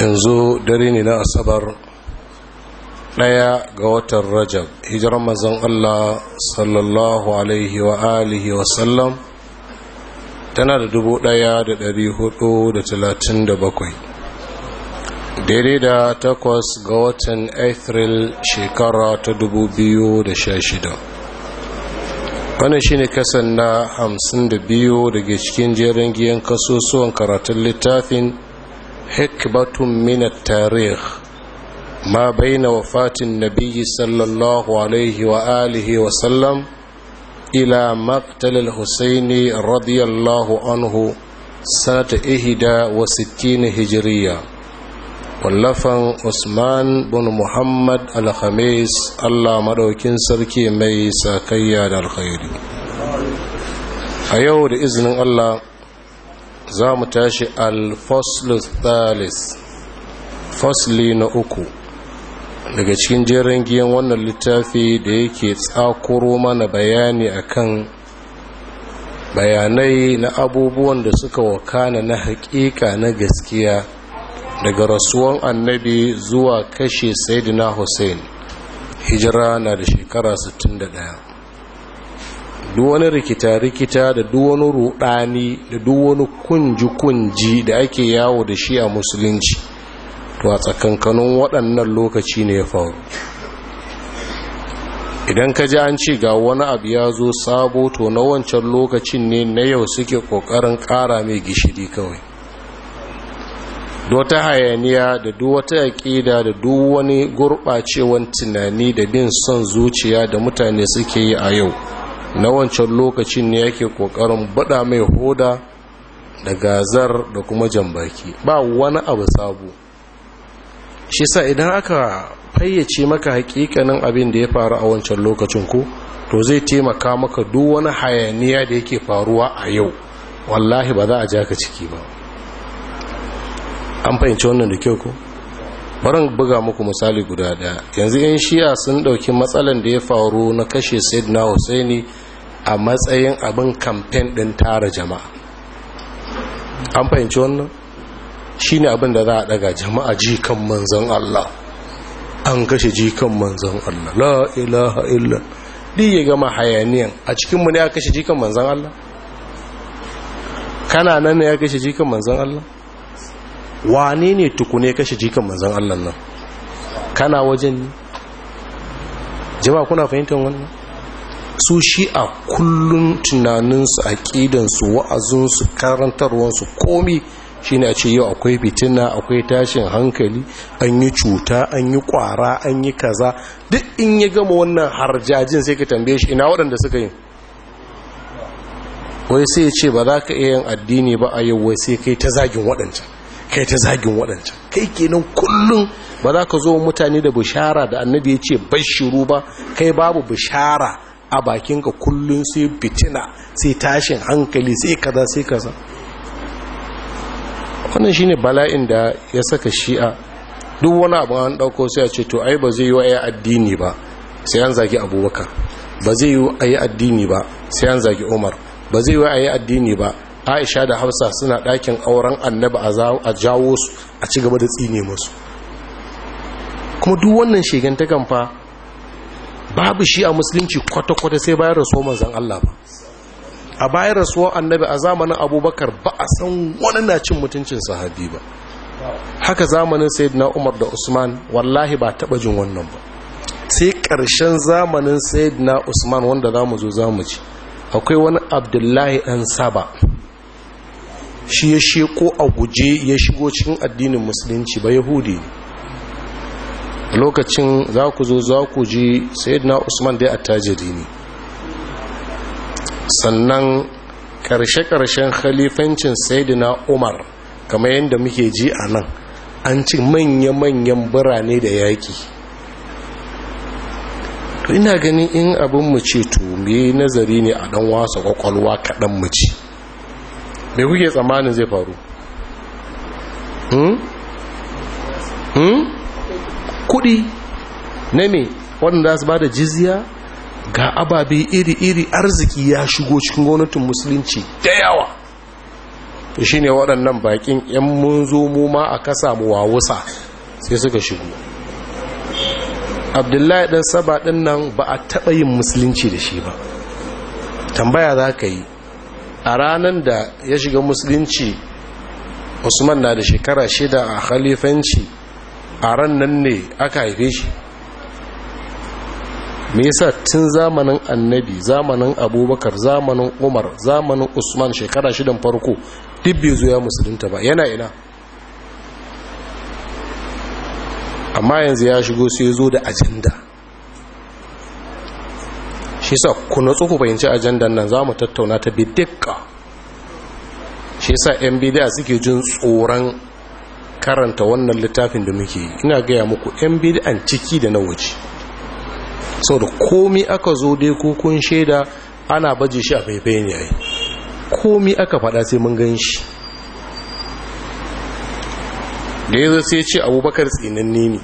yanzu dare ne na asabar ɗaya ga watan rajab hijiran mazan allah sallallahu alaihi wa alihi sallam tana da dubu ɗaya da dari hudu da talatin da bakwai daidai da takwas ga watan april shekara ta dubu biyu da sha shida wannan shine kasan na hamsin da biyu daga cikin jerin giyan kasusuwan karatun littafin حكبة من التاريخ ما بين وفاة النبي صلى الله عليه وآله وسلم إلى مقتل الحسين رضي الله عنه سنة وستين usman bin muhammad alhamis allah maɗaukin sarki mai sakayya da alkhairi a yau da izinin allah za mu tashi alfoslus thalis fasli na uku daga cikin jerin giyan wannan littafi da yake tsakuro mana bayani akan bayanai na abubuwan da suka wakana na hakika na gaskiya daga rasuwan annabi zuwa kashe saidina hussein hijira na da shekara 61 duk wani rikita-rikita da duk wani rudani da duk wani kunji-kunji da ake yawo da shi a musulunci to a tsakankanin waɗannan lokaci ne ya faru idan ka ji an ci ga wani abu ya zo sabo to na wancan lokacin ne na yau suke ƙoƙarin ƙara mai gishiri kawai wata hayaniya da duk wata aƙida da duk wani gurɓacewan tunani da bin son zuciya da mutane suke yi a yau na wancan lokacin ne yake kokarin bada mai hoda da gazar da kuma jambaki ba wani abu sabo shi sa idan aka fayyace maka hakikanin abin da ya faru a wancan lokacin ku to zai taimaka maka duk wani hayaniya da yake faruwa a yau wallahi ba za a ja ka ciki ba an fahimci wannan da kyau ku. barin buga muku misali guda daya yanzu yan shi'a sun dauki matsalan da ya faru na kashe na husaini a matsayin abin kamfen ɗin tara jama'a an fahimci wannan shi ne abin da za a daga jama'a jikan manzan Allah an kashe jikan manzan Allah la ilaha illa ɗi gama hayaniyan a cikinmu ne ya kashe jikan manzan Allah kana nan ne ya kashe jikan manzan Allah wane ne tukune kashe jikan manzan Allah nan kana wajen ne jama'a kuna fahimtar wannan su a kullum tunaninsu aƙidansu wa'azinsu karantarwansu komi shine a ce yau akwai fitina akwai tashin hankali an yi cuta an yi kwara an yi kaza duk in ya gama wannan harjajin sai ka tambaye shi ina waɗanda suka yi wai sai ya ce ba za ka iya yin addini ba a yau wai sai kai ta zagin waɗanta, kai ta zagin waɗanta. kai kenan kullum ba za ka zo mutane da bishara da annabi ya ce bashiru ba kai babu bishara a bakinka kullum sai fitina sai tashin hankali sai kaza sai kaza wannan shine bala'in da ya saka shi'a duk wani abu an dauko sai a ce to ai ba zai yi wa addini ba sai an zagi abubakar ba zai yi wa addini ba sai an zagi umar ba zai yi wa addini ba aisha da hafsa suna ɗakin auren Annabi a jawo su a ci gaba da tsine musu kuma duk wannan shegantakan fa babu shi a musulunci kwata-kwata sai bayan rasuwa manzan Allah ba a bayan rasuwar annabi a zamanin abubakar ba a san wani na cin mutuncin sahabi ba haka zamanin sayyidina umar da usman wallahi ba taba jin wannan ba sai ƙarshen zamanin sayyidina usman wanda za mu zo za mu ci akwai wani abdullahi ɗan saba shi ya sheko a guje ya shigo cikin addinin musulunci ba yahudi ne lokacin za ku zo za ku ji sayyidina usman dai attajiri ne sannan karshe ƙarshen khalifancin sayyidina umar kamar yadda muke ji a nan an ci manya-manyan birane da yaƙi ina ganin in abin mu ce to me nazari ne a dan wasa kwakwalwa kaɗan mu ci me kuke tsammanin zai faru hmm? hmm? kuɗi na me waɗanda su ba da jizya ga ababe iri-iri arziki ya shigo cikin gwamnatin musulunci da yawa to shi ne waɗannan bakin ‘yan mun zo mu ma a kasa mu wawusa sai suka shigo abdullahi ɗan saba ɗin nan ba a taɓa yin musulunci da shi ba tambaya za ka yi a ranar da ya shiga musulunci usman na da shekara shida a khalifanci a ran nan ne aka haife shi me yasa tun zamanin annabi zamanin abubakar zamanin umar zamanin usman shekara shidan farko duk zuwa ya musulunta ba yana ina amma yanzu ya shigo sai zo da ajanda shi sa ku natsu ku fahimci ajandan nan za mu tattauna ta bi dukka shi sa yan bidiyar suke jin tsoron karanta wannan littafin da muke yi ina gaya muku yan bid'an ciki da na waje sau da komi aka zo dai ko kun shaida ana baje shi a faifai yayi komi aka faɗa sai mun gan shi da ya sai ce abubakar tsinanni ne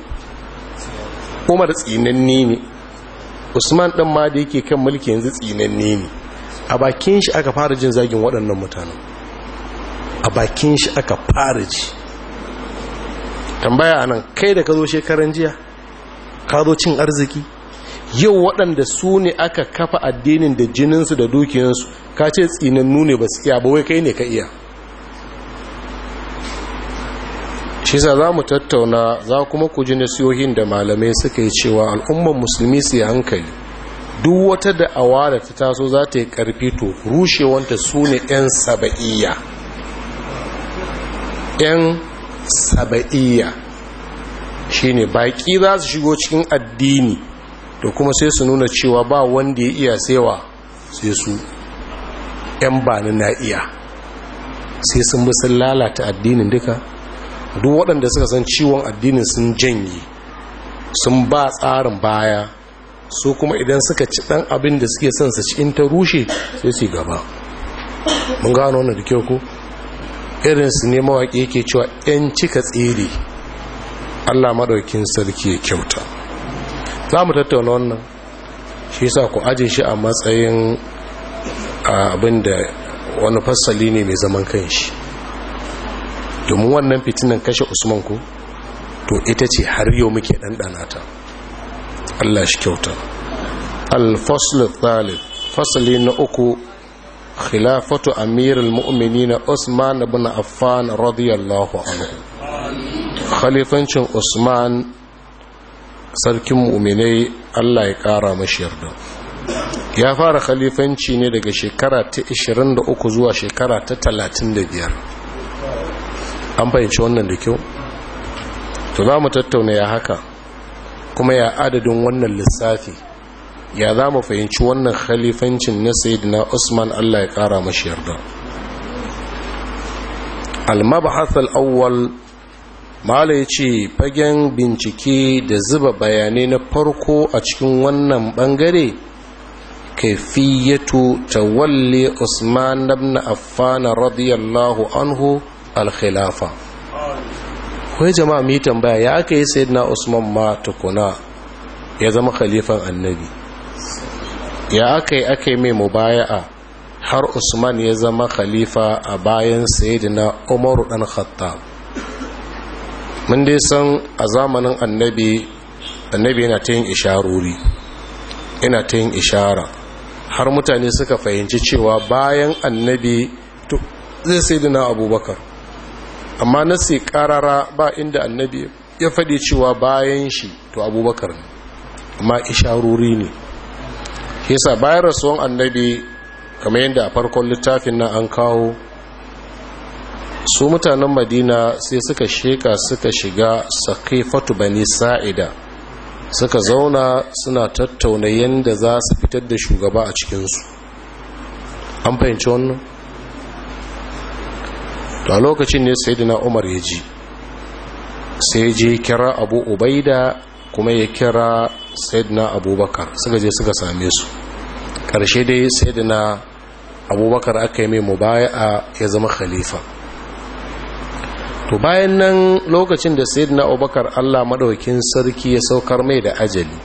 umar tsinanni ne usman ɗan ma da yake kan mulki yanzu tsinanni ne a bakin shi aka fara jin zagin waɗannan mutanen a bakin shi aka fara ji tambaya anan kai da ka zo shekaran jiya ka zo cin arziki yau waɗanda su ne aka kafa addinin da jininsu da dukiyansu ka ce tsinannu ne ba su iya ba wai kai ne ka iya shi sa za mu tattauna za kuma ku ji nasiyohin da malamai suka yi cewa al'ummar musulmi su yi hankali duk wata da da ta taso za ta yi karfi to rushewanta su ne 'yan saba'iyya 'yan saba'iyya shi ne baƙi za su shigo cikin addini da kuma sai su nuna cewa ba wanda ya iya saiwa sai su yan bani na iya sai sun bi sun lalata addinin duka duk waɗanda suka san ciwon addinin sun janye sun ba tsarin baya su kuma idan suka ci ɗan abin da suke son su ci ta rushe sai su gaba mun gano wannan da kyau ko Irin su ne mawaƙi yake cewa 'yan cika tsiri allah maɗaukin sarki ya kyauta za mu tattauna wannan shi sa ku aje shi a matsayin abin da wani fasali ne mai zaman shi domin wannan fitinan kashe usman ku to ita ce har yau muke ɗanɗana ta allah shi kyauta alfasul fasali na uku khilafatu amirul mu'minin Usman ibn Affan radiyallahu anhu khalifancin Usman sarkin mu'minai Allah ya kara mashi yarda ya fara khalifanci ne daga shekara ta 23 zuwa shekara ta 35 an fahimci wannan da kyau to za mu tattauna ya haka kuma ya adadin wannan lissafi ya za mu fahimci wannan khalifancin na sayyidina usman allah ya kara mashi yarda al-mabhath awwal mala ya ce fagen bincike da zuba bayanai na farko a cikin wannan bangare kaifiyatu tawalli usman ibn affan radiyallahu anhu al-khilafa kai jama'a mu tambaya ya aka yi sayyidina usman ma tukuna ya zama khalifan annabi ya aka yi aka yi mai mubaya'a har usman ya zama khalifa a bayan sayidina umaru dan khattab mun dai san a zamanin annabi annabi yana ta yin isharori yana ta yin ishara har mutane suka fahimci cewa bayan annabi zai sayidina abubakar amma na nasi karara ba inda annabi ya faɗi cewa bayan shi to abubakar ne amma isharori ne yasa bayan rasuwan annabi kamar yadda a farkon littafin nan an kawo su mutanen madina sai suka sheka suka shiga sakifatu bani sa'ida suka zauna suna tattauna yadda za su fitar da shugaba a cikinsu an fahimci wannan a lokacin ne sai umar ya ji sai je kira abu ubaida kuma ya kira Saidina abubakar suka je suka same su karshe dai saidina abubakar aka yi mai mubaya'a ya zama khalifa to bayan nan lokacin da saidina abubakar allah maɗaukin sarki ya saukar mai da ajali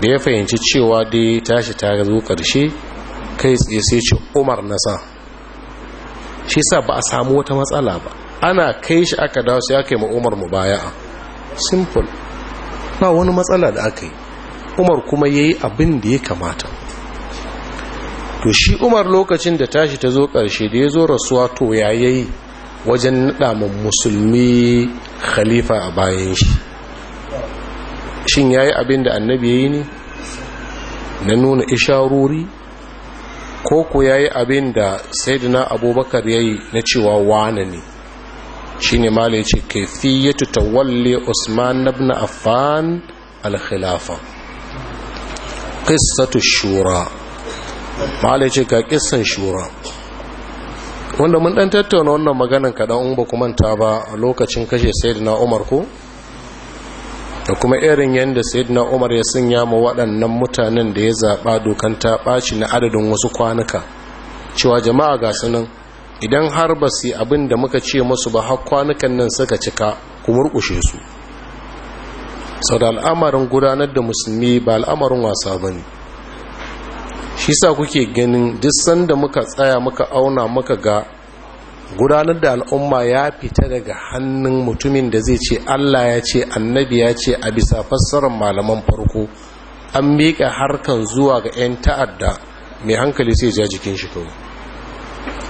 da ya fahimci cewa dai tashi ta zo ƙarshe kai tsaye sai ce umar na shi sa ba a samu wata matsala ba ana kai shi aka dawo sai aka yi ma umar mubaya'a simple ba wani matsala da aka yi umar kuma ya yi abin da ya kamata to shi umar lokacin da tashi ta zo ƙarshe da ya zo rasuwa to ya yi wajen naɗa ma musulmi khalifa a bayan shi shin ya yi abin da annabi ya yi ne na nuna isharori ko ku ya yi abin da saidina abubakar ya yi na cewa wane ne shine mala yace ta tawalli usman ibn affan al-khilafa qissatu shura mala yace ga kissan shura wanda mun dan tattauna wannan maganan kaɗan, in ba ku manta ba a lokacin kashe sayyidina umar ko da kuma irin yadda sayyidina umar ya sanya ma waɗannan mutanen da ya zaɓa dokan ta ɓaci na adadin wasu kwanuka cewa jama'a ga sunan idan har ba su abin da muka ce masu ba har kwanukan nan suka cika ku murkushe su sau da al'amarin gudanar da musulmi ba al'amarin wasa ba ne shi sa kuke ganin duk sanda muka tsaya muka auna muka ga gudanar da al'umma ya fita daga hannun mutumin da zai ce allah ya ce annabi ya ce a bisa fassarar malaman farko an miƙa harkan zuwa ga 'yan ta'adda mai hankali sai ja jikin shi kawai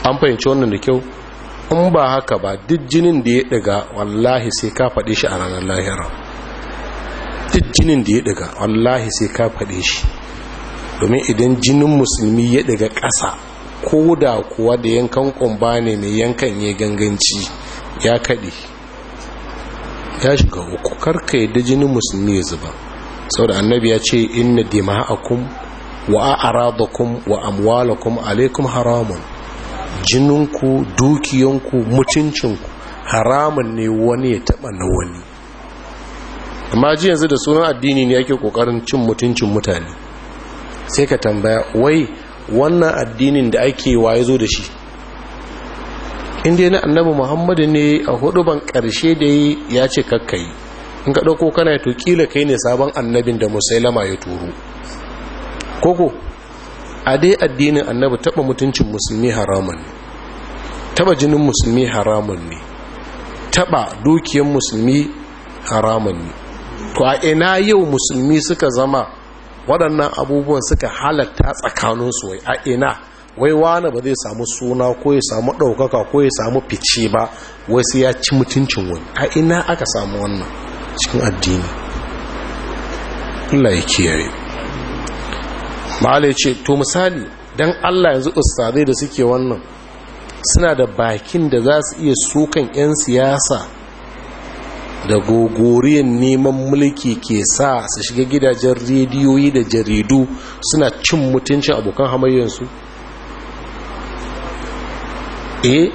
an fahimci wannan da kyau in ba haka ba duk jinin da ya daga wallahi sai ka faɗe shi a ranar lahira duk jinin da ya daga wallahi sai ka faɗe shi domin idan jinin musulmi ya daga ƙasa ko da kuwa da yankan kumba ne mai yankan ya ganganci ya kaɗe ya shiga uku karka yadda jinin musulmi ya zuba saboda annabi ya ce inna dima'akum wa a'radakum wa amwalakum alaikum haramun jininku dukiyanku mutuncinku haramun ne wani ya taɓa na wani amma ji yanzu da sunan addini ne yake kokarin cin mutuncin mutane sai ka tambaya wai wannan addinin da ake waye zo da shi inda na annabi muhammadu ne a hudu ban ƙarshe da yi ya ce kakkayi in ka ɗauko kana ya to kila kai ne sabon annabin da musailama ya turo koko a dai addinin annabi taba mutuncin musulmi haramun ne taba jinin musulmi haramun ne taba dukiyar musulmi haramun ne to a ina yau musulmi suka zama waɗannan abubuwan suka halatta tsakaninsu wai a ina wai wani ba zai samu suna ko ya samu ɗaukaka ko ya samu fice ba wai sai ya ci mutuncin wani a ina aka samu wannan cikin addini Allah ya kiyaye ma'ala ya ce to misali don allah yanzu ustazai da suke wannan suna da bakin da za su iya sukan 'yan siyasa da gogoriyar neman mulki ke sa su shiga gidajen rediyoyi da jaridu suna cin mutuncin abokan hamayyarsu e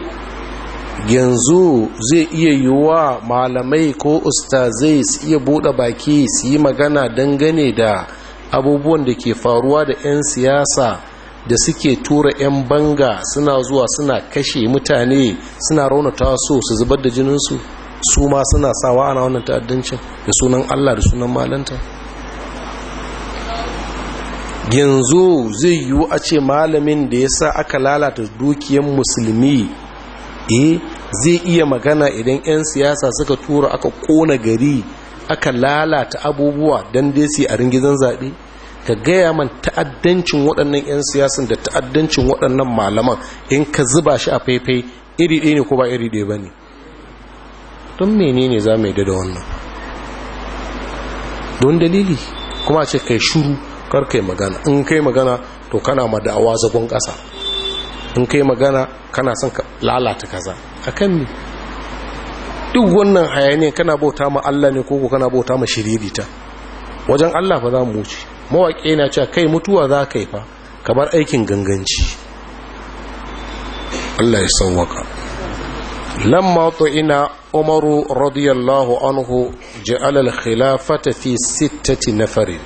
yanzu zai iya yiwuwa malamai ko ustazai su iya bude baki su yi magana dangane da abubuwan da ke faruwa da 'yan siyasa da suke tura 'yan banga suna zuwa suna kashe mutane suna raunata so su zubar da jininsu su ma suna sawa ana wannan ta'addancin da sunan allah da sunan malanta yanzu zai yiwu a ce malamin da ya sa aka lalata dukiyan musulmi eh zai iya magana idan 'yan siyasa suka tura aka kona gari aka lalata abubuwa don dai su a ringizan zaɓe ka gaya man ta'addancin waɗannan 'yan siyasan da ta'addancin waɗannan malaman in ka zuba shi a faifai iri ɗaya ne ko ba iri ɗaya ba ne don menene za mu yi da wannan don dalili kuma ce kai shuru kar kai magana in kai magana to kana ma da'awa zagon ƙasa in kai magana kana son ka lalata kaza akan ne duk wannan hayaniya kana bauta ma Allah ne koko kana bauta ma shiririta wajen Allah fa za mu wuce mawaƙe na cewa kai mutuwa za ka yi fa kamar aikin ganganci Allah ya sauwaka mato ina umaru radiyallahu anhu ja'ala al-khilafata fi sittati nafarin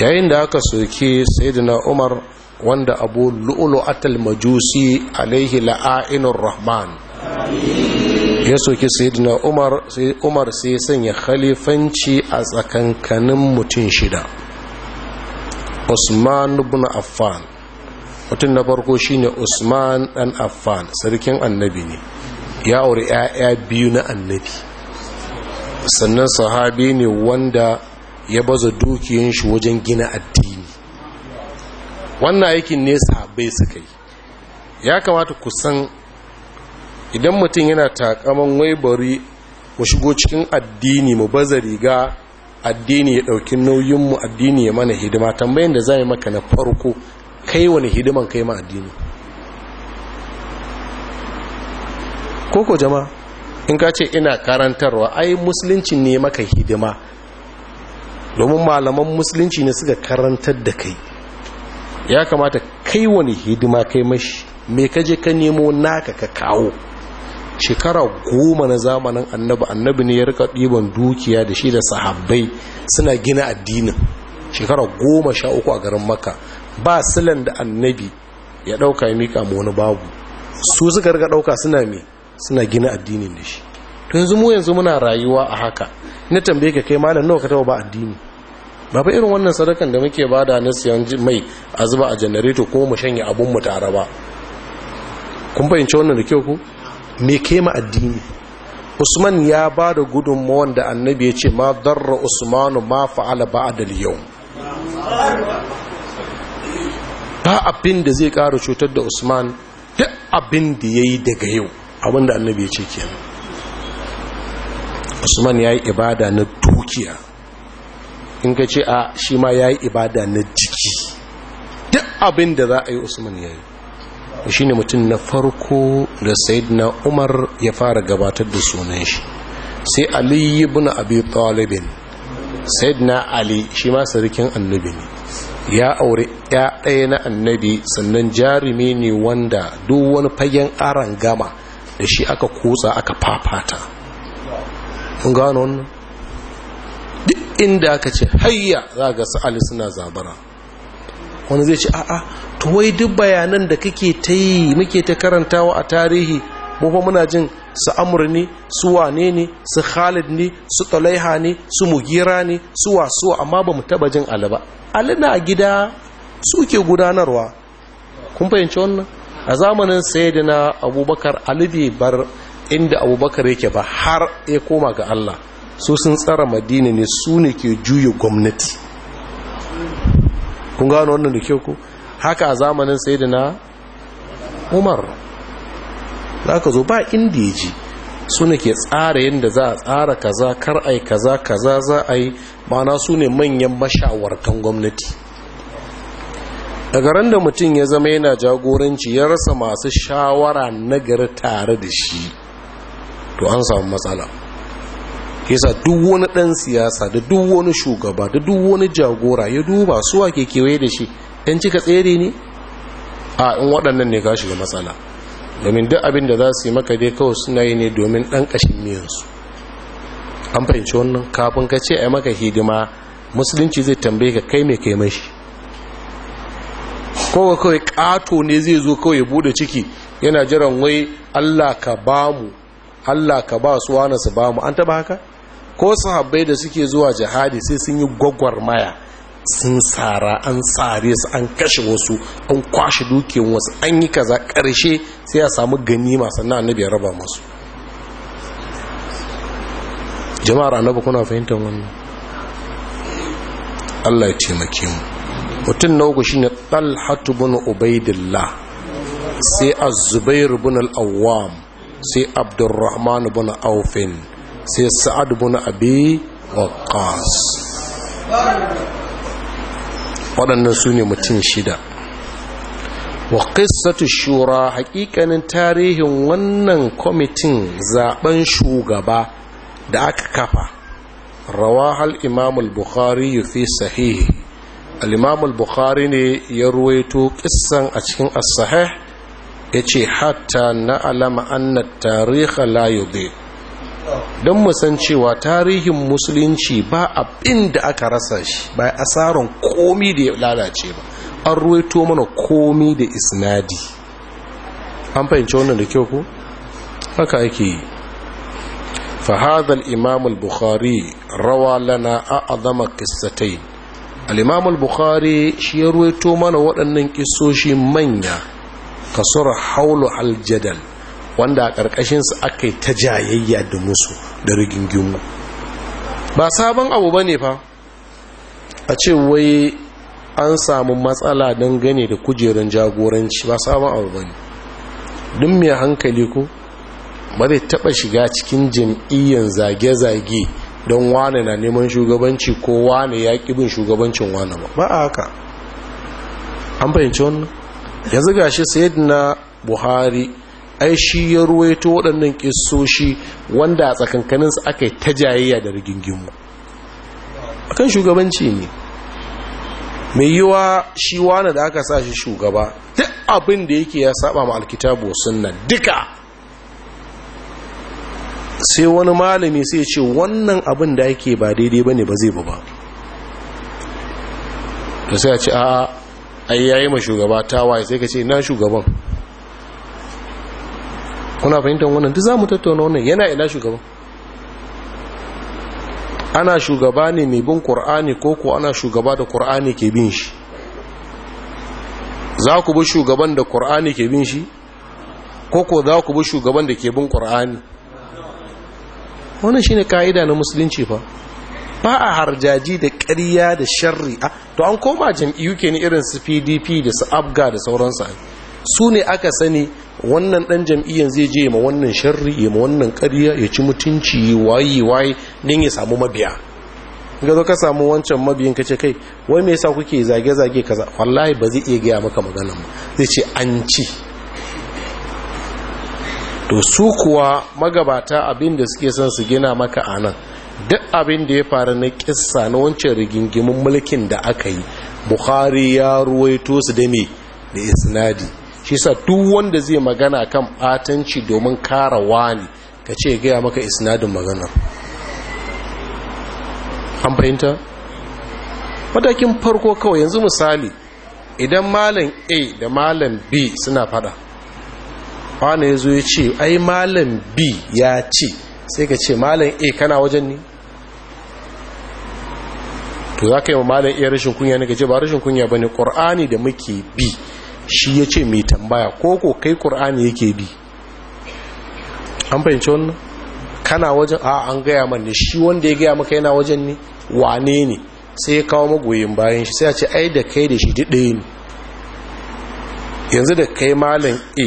yayin da aka soke sayyidina umar wanda abu lu'lu'atul majusi alaihi la'inur rahman ya soki sayidina umar sai umar sai ya sanya khalifanci a tsakankanin mutum shida usman ibn affan mutum na farko shine usman dan affan sarkin annabi ne ya aure 'ya'ya biyu na annabi sannan sahabi ne wanda ya baza dukiyin shi wajen gina addini wannan aikin nesa bai suka yi ya kamata ku san idan mutum yana takaman waibari mu shigo cikin addini mu baza riga addini ya ɗauki nauyinmu addini ya mana hidima tambayin da za yi maka na farko kai wani hidiman kai ma addini koko jama in ka ce ina karantarwa ai musulunci ne maka hidima domin malaman musulunci ne suka karantar da kai ya kamata kai wani hidima kai mashi me kaje ka nemo naka ka kawo shekara goma na zamanin annabi annabi ne ya rika ɗiban dukiya da shi da sahabbai suna gina addinin shekara goma sha uku a garin maka ba silan da annabi ya ɗauka ya miƙa wani babu su suka rika ɗauka suna me suna gina addinin da shi to yanzu mu yanzu muna rayuwa a haka na tambaye ka kai malam nawa ka taɓa ba addini ba irin wannan sadakan da muke bada na siyan mai a zuba a janareto ko mu shanye abun mu tare ba kun fahimci wannan da kyau ko. me kema addini usman ya ba da gudunmawan da annabi ya ce ma darra usmanu ma fa'ala ba'adal yau ba abin da zai ƙara cutar da usman duk abin da ya yi daga yau abin annabi ya ce kenan usman ya yi ibada na dukiya in ka ce a shi ma ya yi ibada na jiki duk abin da za a yi usman ya yi ne mutum na farko da Sayidina umar ya fara gabatar da sunan shi sai ali ibn abi talibin Sayidina ali shi ma sarkin annabi ne ya aure ya ɗaya na annabi sannan jarumi ne wanda duk wani fagen aran gama da shi aka kutsa aka fafata mun gano wannan duk inda aka ce hayya za ga su ali suna zabara wani zai ce a'a to wai duk bayanan da kake ta yi muke ta karantawa a tarihi mu fa muna jin su amur ne su wane ne su khalid ne su talaiha ne su mugira ne su wasuwa amma ba mu taba jin ali ba ali na gida suke gudanarwa kun fahimci wannan a zamanin sayyidina abubakar ali bai bar inda abubakar yake ba har ya koma ga allah su sun tsara madina ne su ne ke juya gwamnati kun gano wannan da kyau ku haka a zamanin sai da na umar za ka zo ba inda ya su ne ke tsara yadda za a tsara kaza kar ai kaza kaza za a yi mana su ne manyan mashawartan gwamnati daga ran da mutum ya zama yana jagoranci ya rasa masu shawara nagari tare da shi to an samu matsala yasa duk wani dan siyasa da duk wani shugaba da duk wani jagora ya duba su ke kewaye da shi yan cika tsere ne a in waɗannan ne ka shiga matsala domin duk abin da za su yi maka dai kawai suna yi ne domin ɗan ƙashin miyansu an fahimci wannan kafin ka ce a maka hidima musulunci zai tambaye ka kai mai kai mashi kowa kawai ƙato ne zai zo kawai buɗe ciki yana jiran wai allah ka ba mu allah ka ba su wani su ba mu an taba haka ko sahabbai da suke zuwa jihadi sai sun yi gwagwarmaya sun tsara an tsare su an kashe wasu an kwashe dukiyar wasu an yi kaza karshe sai ya samu gani masu na annabi ya raba masu jama'ar annabi kuna fahimtar wannan Allah ya taimake mu mutum na uku shine Talhatu bin Ubaidillah sai Az-Zubair bin al sai Abdurrahman bin Aufin sai sa'ad bin abi waqqas waɗannan su ne mutum shida wa qissatu shura haƙiƙanin tarihin wannan kwamitin zaben shugaba da aka kafa rawahal imamul bukhari fi sahihi al'imamul bukhari ne ya ruwaito kissan a cikin as ya ce hatta na alama annat tariha la yubi don musan cewa tarihin musulunci ba abin da aka rasa shi ba asarar komi da ya lalace ba an ruwaito mana komi da isnadi an fahimci wannan da kyau ko haka ake yi fahad al’imam al-bukhari rawa lana a azama kistatai al’imam al-bukhari shi ya ruwaito mana waɗannan kisoshi manya kasuwar haulu aljadal wanda a ƙarƙashinsu aka yi ta jayayya da musu da rigingimu ba sabon abu ba ne fa a ce wai an samu matsala don gane da kujerun jagoranci ba sabon abu ba ne mai hankali ko ba zai taɓa shiga cikin jam'iyyar zage-zage don wane na neman shugabanci ko wane ya bin shugabancin wane ba ba a haka an fahimci wannan yanzu gashi sayyidina buhari ai shi ya ruwaito waɗannan ƙisoshi wanda a tsakankaninsu aka yi ta jayayya da rigingimu akan shugabanci ne mai yiwa shi wane da aka sa shi shugaba duk abin da yake ya saba ma alkitabu sunna duka sai wani malami sai ce wannan abin da yake ba daidai ba ne ba zai ba ta sai a ce a ai yayi ma shugaba ta waye sai ka ce na shugaban kuna fahimtar wannan duk za mu tattauna wannan yana ila shugaba ana shugaba ne mai bin ƙur'ani ko ko ana shugaba da ƙur'ani ke bin shi za ku bi shugaban da ƙur'ani ke bin shi ko ko za ku bi shugaban da ke bin ƙur'ani wannan shine ka'ida na musulunci fa ba a harjaji da ƙarya da sharri to an koma jam'iyyu ke ne irin su pdp da su abga da sauransu su ne aka sani wannan dan jam'iyyan zai je ma wannan sharri ya ma wannan ƙarya ya ci mutunci waye waye don ya samu mabiya ga zo ka samu wancan mabiyin ka ce kai wai me yasa kuke zage zage kaza wallahi ba zai iya gaya maka magana ba zai ce an ci to su kuwa magabata abin da suke son su gina maka anan duk abin da ya faru na kissa na wancan rigingimin mulkin da aka yi bukhari ya ruwaito su da me da isnadi shi sa duk wanda zai magana kan batanci domin kara wani ka ce gaya maka isnadin maganar an fahimta matakin farko kawai yanzu misali idan malam a da malam b suna fada wani ya zo ya ce ai malam b ya ce sai ka ce malam a kana wajen ni to za ka yi malam a rashin kunya ne ka ce ba rashin kunya ba ne da muke bi shi ya ce mai tambaya ko ko kai ƙur'ani yake bi an fahimci wannan kana wajen a an gaya man shi wanda ya gaya maka yana wajen ne wane ne sai ya kawo magoyin bayan shi sai ya ce ai da kai da shi ɗaya ne yanzu da kai malam a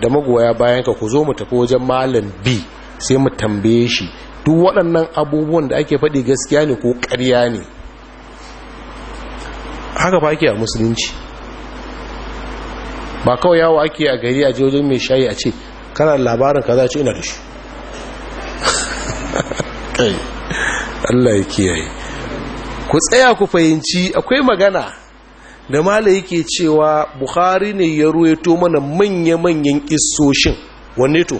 da magoya bayan ka ku zo mu tafi wajen malam b sai mu tambaye shi duk waɗannan abubuwan da ake faɗi gaskiya ne ko ƙarya ne haka ba ake a musulunci ba kawai yawo ake a gari a jirgin mai shayi a ce kana labarin kaza ce ina da shi Allah ya kiyaye ku tsaya ku fahimci akwai magana da mala yake cewa buhari ne ya ruweto mana manya-manyan isoshin wanne to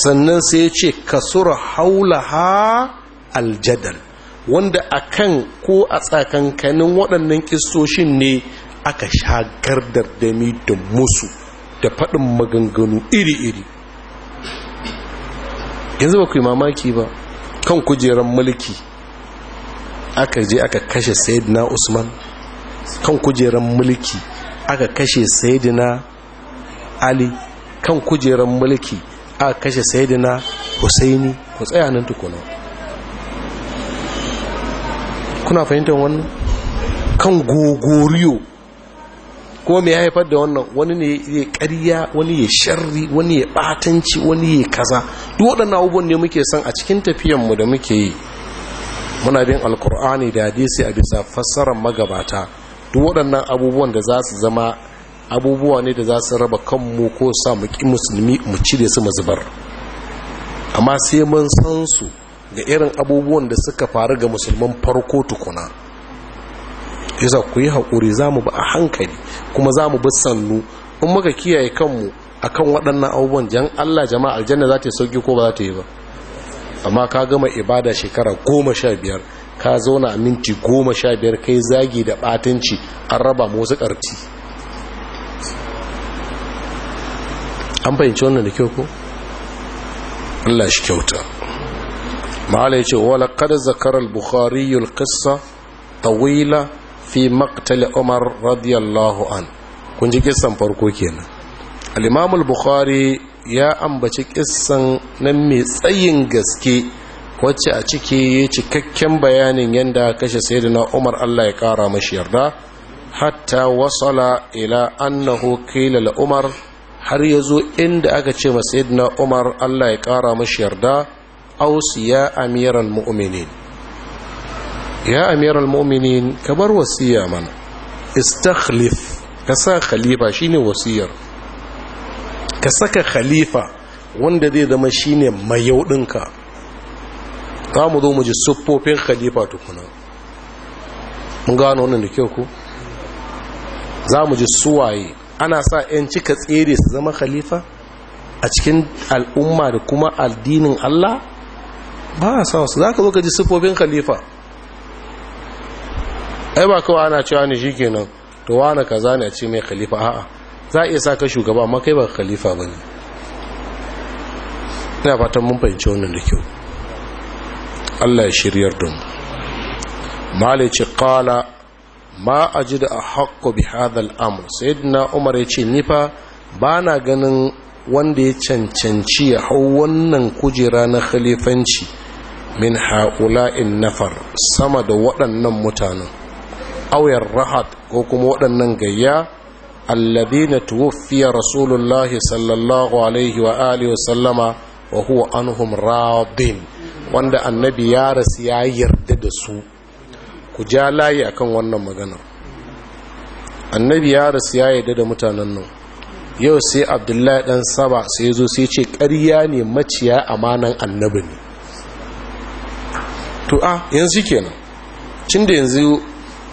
sannan sai ya ce kasura haula ha aljadal wanda a kan ko a tsakankanin waɗannan kistoshin ne aka sha gardar dami da musu da faɗin maganganu iri-iri yanzu ba ku yi mamaki ba kan kujerar mulki aka je aka kashe sayidina usman kan kujerar mulki aka kashe sayidina ali kan kujerar mulki aka kashe sayidina husaini ku tsaya nan tukuna kuna fahimtar wannan kan gogoriyo ko me ya haifar da wannan wani ne ya karya wani ya sharri wani ya batanci wani ya kaza duk waɗannan abubuwan ne muke son a cikin mu da muke yi muna bin alkur'ani da hadisi a bisa fassarar magabata duk waɗannan abubuwan da za su zama abubuwa ne da za su raba kanmu ko sa mu musulmi mu cire su mu zubar amma sai mun san su ga irin abubuwan da suka faru ga musulman farko tukuna yasa ku yi haƙuri za mu ba a hankali kuma za mu bi sannu in muka kiyaye kanmu a kan waɗannan abubuwan jan allah jama'a aljanna za ta yi sauƙi ko ba za ta yi ba amma ka gama ibada shekara goma sha biyar ka zauna a minti goma sha biyar kai zagi da batanci an raba mu wasu ƙarti an fahimci wannan da kyau ko allah shi kyauta mahala yace wala qad zakara al-bukhari qissa tawila fi maqtal umar radiyallahu an kun ji kissan farko kenan al-imam al-bukhari ya ambaci kissan nan mai tsayin gaske wacce a ciki ya cikakken bayanin yadda kashe sayyidina umar Allah ya kara mashi yarda hatta wasala ila annahu qila li umar har yazo inda aka ce ma sayyidina umar Allah ya kara mashi yarda Ausi ya amiran mu'minin ya amiran mu'minin ka bar wasiya mana istakhlif ka sa khalifa shine wasiyar ka saka khalifa wanda zai zama shine mayaudinka za mu zo mu ji siffofin khalifa tukuna mun gano wannan da kyau ku za mu ji suwaye ana sa 'yan cika tsere su zama khalifa a cikin al'umma da kuma addinin Allah ba a sa wasu za ka zo ka ji khalifa ai ba kawai ana cewa ne shi kenan to ka kaza ne a ce mai khalifa a'a za a iya sa ka shugaba amma kai ba khalifa ba ne ina fatan mun fahimci wannan da kyau Allah ya shiryar don malici kala ma a ahqqu bi hadal amu amr sayyidina umar ce ni fa na ganin wanda ya cancanci ya hau wannan kujera na khalifanci min haƙula'in nafar sama da waɗannan mutanen auyar rahat ko kuma waɗannan gayya alladina tuwaffiya rasulullahi sallallahu alaihi wa alihi wasallama wa huwa anhum radin wanda annabi ya rasu ya yarda da su ku ja layi akan wannan magana annabi ya rasu ya yarda da mutanen nan yau sai abdullahi dan saba sai zo sai ce ƙarya ne maciya amanan annabi ne to a yanzu kenan cin da yanzu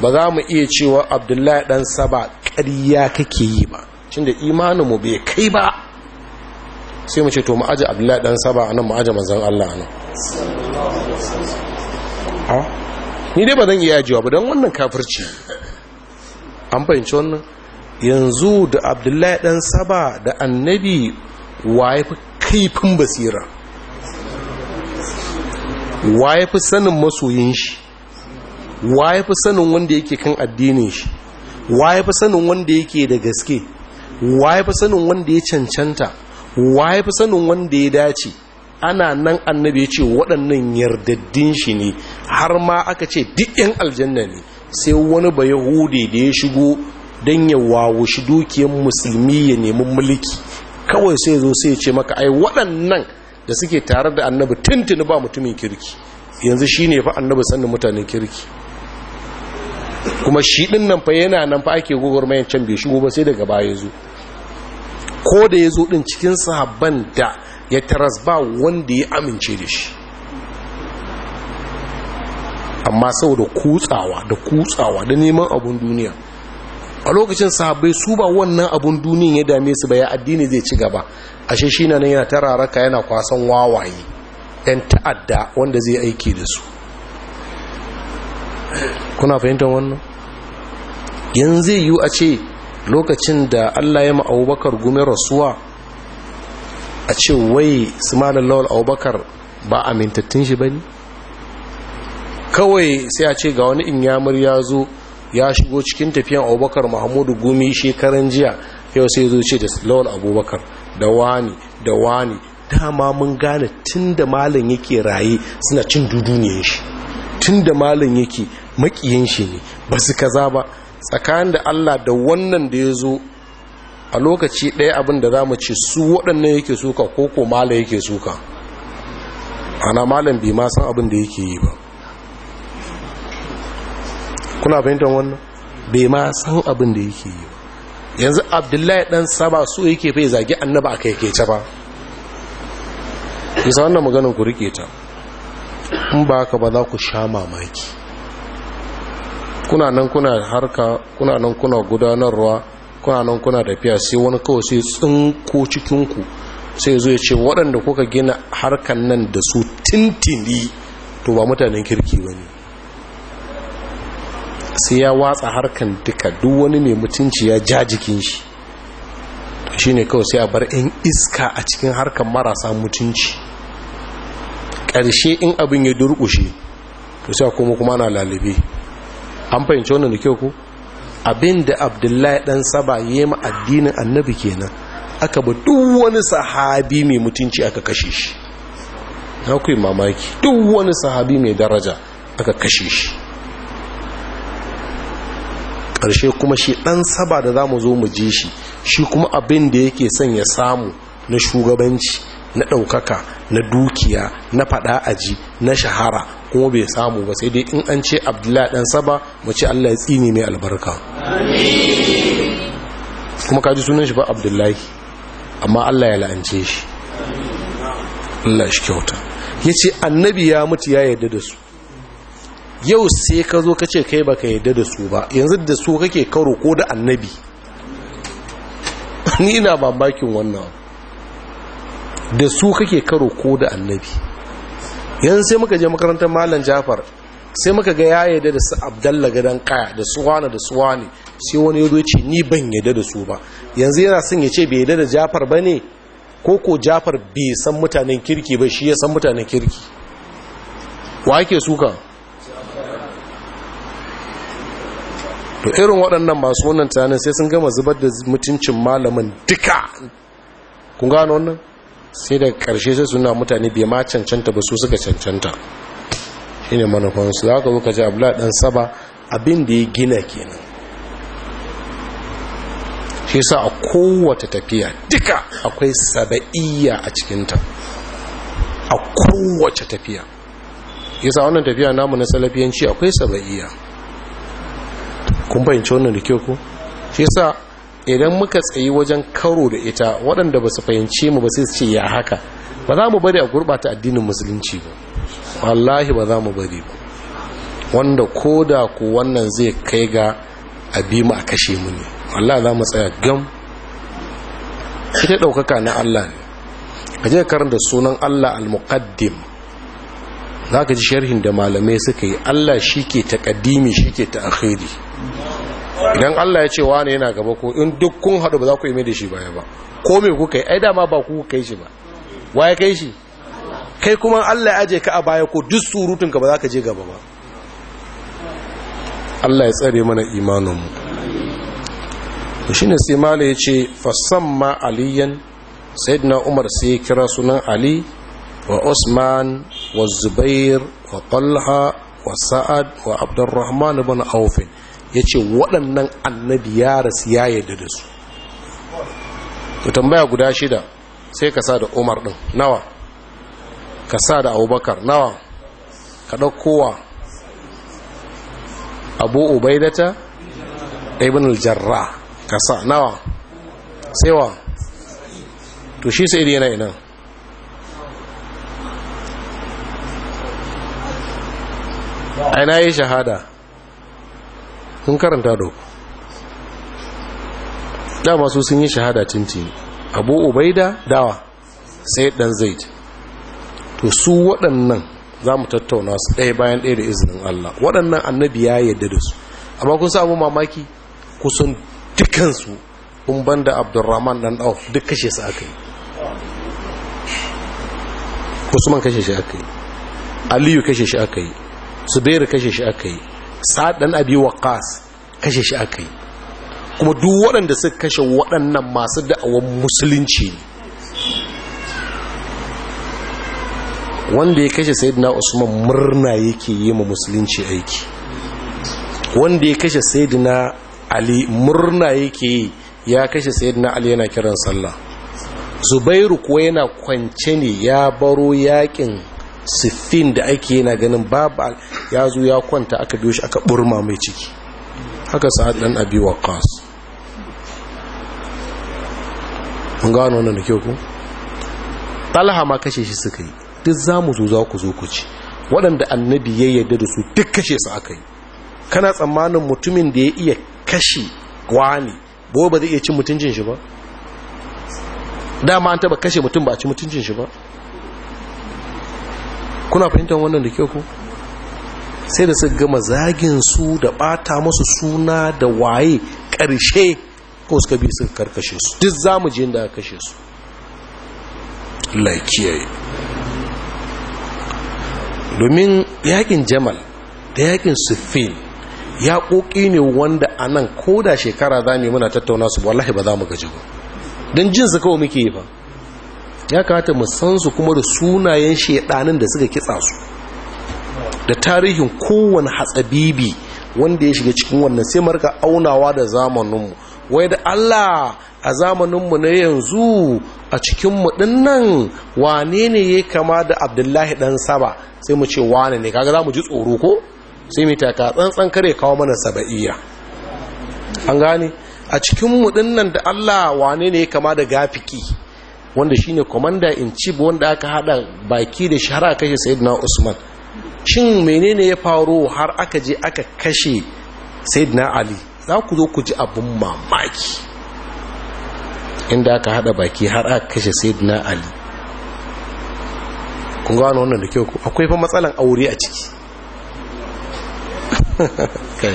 ba za mu iya cewa abdullahi dan saba ƙarya kake yi ba cin da imanin mu bai kai ba sai mu ce to mu aje abdullahi dan saba anan mu aje manzon Allah nan a ni dai ba zan iya jiwa ba don wannan kafirci an fahimci wannan yanzu da abdullahi dan saba da annabi waye fi kaifin basira wa ya fi sanin masoyin shi wa ya fi sanin wanda yake kan addinin shi wa ya fi sanin wanda yake da gaske wa ya fi sanin wanda ya cancanta wa ya fi sanin wanda ya dace ana nan annabi ya ce waɗannan yardaddin shi ne har ma aka ce duk 'yan aljanna ne sai wani ba hude da ya shigo don ya shi dukiyar musulmi ya nemi mulki kawai sai zo sai ya ce maka ai waɗannan da suke tare da annabi tuntuni ba mutumin kirki yanzu shi ne fa annabi sannin mutanen kirki kuma shi ɗin nan fa yana nan fa ake gogor mayan can bai shigo ba sai daga baya zo ko da ya zo ɗin cikin sahabban da ya taras ba wanda ya amince da shi amma saboda kutsawa da kutsawa da neman abun duniya a lokacin sahabbai su ba wannan abun duniya ya dame su ba ya addini zai ci gaba ashe shi nan yana tararaka yana kwasan wawaye yan ta'adda wanda zai aiki da su kuna fahimtar wannan yanzu yiwu a ce lokacin da allah ya Abubakar gume rasuwa a ce wai su ma lawal abubakar ba a amintattun shi ba ne kawai sai a ce ga wani inyamur ya zo ya shigo cikin tafiyan abubakar mahamudu gumi shekaran jiya yau sai zo ce da lawal abubakar da wani da wani dama mun gane tun da malin yake raye suna cin duduniyan shi tun da malin yake makiyin shi ne ba su kaza ba tsakanin da Allah da wannan da ya zo a lokaci ɗaya abin da za mu ce su waɗannan yake suka ko ko malin yake suka ana malin bai ma san abin da yake yi ba kuna fahimtar wannan bai ma san abin da yake yi ba yanzu abdullahi dan saba so yake bai zagi annaba a kai kece ba bisa wannan maganin ku rike ta in ba ka ba za ku sha mamaki kuna nan kuna harka kuna nan kuna gudanarwa kuna nan kuna tafiya sai wani kawai sai tsinko cikinku sai zo ya ce waɗanda kuka gina harkan nan da su tintini to ba mutanen kirki ba ne sai ya watsa harkan duka duk wani mai mutunci ya ja jikin shi to shine kawai sai a bar in iska a cikin harkan marasa mutunci ƙarshe in abin ya durƙushe to sai kuma kuma na lalibe an fahimci wannan da kyau ko abin da abdullahi dan saba ya ma addinin annabi kenan aka ba duk wani sahabi mai mutunci aka kashe shi na kuwa mamaki duk wani sahabi mai daraja aka kashe shi Karshe kuma shi ɗan saba da zamu zo mu je shi shi kuma abin da yake son ya samu na shugabanci na ɗaukaka na dukiya na faɗa aji na shahara kuma bai samu ba sai dai in an ce abdullahi dan saba mu ce allah ya tsini mai albarka kuma kaji sunan shi ba abdullahi amma allah ya la'ance shi allah shi kyauta ya ce annabi ya mutu ya yarda da su yau sai ka zo ka ce kai baka yadda da su ba yanzu da su kake karo ko da annabi ni na mamakin wannan da su kake karo ko da annabi yanzu sai muka je makarantar malam jafar sai muka ga ya yadda da su abdalla gadon kaya da Wani da Wani sai wani ya ce ni ban yadda da su ba yanzu yana son ya ce bai yadda da jafar ba ne ko ko jafar bai san mutanen kirki ba shi ya san mutanen kirki wa ake suka to irin waɗannan masu wannan tunanin sai sun gama zubar da mutuncin malamin duka kun gano wannan sai daga ƙarshe sai suna mutane bai ma cancanta ba su suka cancanta shi ne manufansu za ka zo ka ji abu ɗan saba abin da ya gina kenan shi sa a kowace tafiya duka akwai saba'iyya a cikinta a kowace tafiya yasa wannan tafiya namu na salafiyanci akwai saba'iyya kun fahimci wannan da kyau ko shi yasa idan muka tsayi wajen karo da ita waɗanda ba su fahimce mu ba sai su ce ya haka ba za mu bari a gurɓata addinin musulunci ba wallahi ba za mu bari ba wanda ko da ku wannan zai kai ga abi mu a kashe mu ne wallahi za mu tsaya gam ita ɗaukaka na Allah ne a je karanta sunan Allah al-muqaddim za ka ji sharhin da malamai suka yi Allah shi ke taƙaddimi shi ke ta'akhiri idan Allah ya ce wane yana gaba ko in duk kun haɗu ba za ku yi mai da shi baya ba ko me kuka yi ai dama ba ku kai shi ba waye kai shi kai kuma Allah ya aje ka a baya ko duk surutun ka ba za ka je gaba ba Allah ya tsare mana imanin shi ne sai mala ya ce ma aliyan dina Umar sai ya kira sunan Ali wa Usman wa Zubair wa Talha wa Sa'ad wa Abdurrahman ibn aufin ya ce waɗannan annabi ya rasu ya yadda da su to tambaya guda shida sai ka sa da umar ɗin nawa ka sa da abubakar nawa ka ɗaukowa abu ubaidata ibn aljarra ka sa nawa Sai wa to shi sai yana ina aina yi shahada sun karanta da ku dama su sun yi shahada tinti abu ubaida dawa sai dan zaid to su waɗannan za mu tattauna su ɗaya bayan ɗaya da izinin Allah waɗannan annabi ya yadda da su amma kun samu mamaki kusan dukansu kun banda abdurrahman dan ɗauf duk kashe su aka yi kashe shi aka yi aliyu kashe shi aka yi kashe shi aka yi Saɗan abi waqas kashe shi aka yi kuma duk waɗanda suka kashe waɗannan masu da'awar musulunci ne wanda ya kashe sayyidina usman murna yake yi ma musulunci aiki wanda ya kashe sayyidina ali murna yake yi ya kashe sayyidina ali yana kiran sallah zubairu kuwa yana kwance ne ya baro yakin siffin da ake yana ganin babu ya zo ya kwanta aka biyo shi aka burma mai ciki haka sa'ad dan abi waqas mun gano wannan da kyau ku talha ma kashe shi suka yi duk za mu zo za ku zo ku ci waɗanda annabi ya yarda da su duk kashe su aka yi kana tsammanin mutumin da ya iya kashe wani ba zai iya cin mutuncin shi ba dama an taba kashe mutum ba a ci mutuncin shi ba kuna fahimtar wannan da kyau ku sai da su gama zagin su da bata musu suna da waye karshe ko suka bi suka karkashe su duk zamu je inda aka kashe su domin yakin Jamal da yakin sufin ya koki ne wanda anan koda shekara zamu muna tattauna su wallahi ba za mu gaji ba Don jinsu su kawai muke yi ba ya kamata mu san su kuma da sunayen shedanin da suka kitsa su da tarihin kowane hatsabibi wanda ya shiga cikin wannan sai marka aunawa da zamaninmu wai da Allah a zamaninmu na yanzu a cikinmu dinnan wane ne ya kama da abdullahi dan saba sai mu ce wane ne kaga za mu ji tsoro ko sai mu taka tsantsan kare kawo mana saba'iyya an gane a cikinmu dinnan da Allah wane ne ya kama da gafiki wanda shine commander in chief wanda aka hada baki da shahara kashe sayyidina usman shin menene ya faru har aka je aka kashe sayyidina ali za ku zo ku ji abin mamaki inda aka hada baki har aka kashe sayyidina ali kun gano wannan da kyau akwai fa matsalan aure a ciki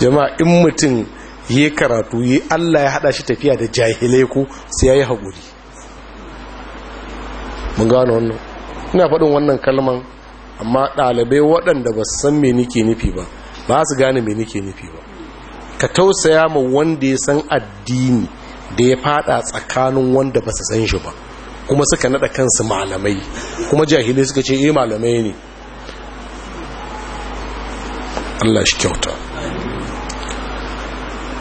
jama'a in mutum yi karatu yi Allah ya hada shi tafiya da jahilai ku sai yi haguri mun gano wannan ina faɗin wannan kalman amma ɗalibai waɗanda ba san me nike nufi ba ba su gane me nike nufi ba ka tausaya ma wanda ya san addini da ya fada tsakanin wanda ba su san shi ba kuma suka nada kansu malamai kuma jahilai suka ce eh malamai ne Allah shi kyauta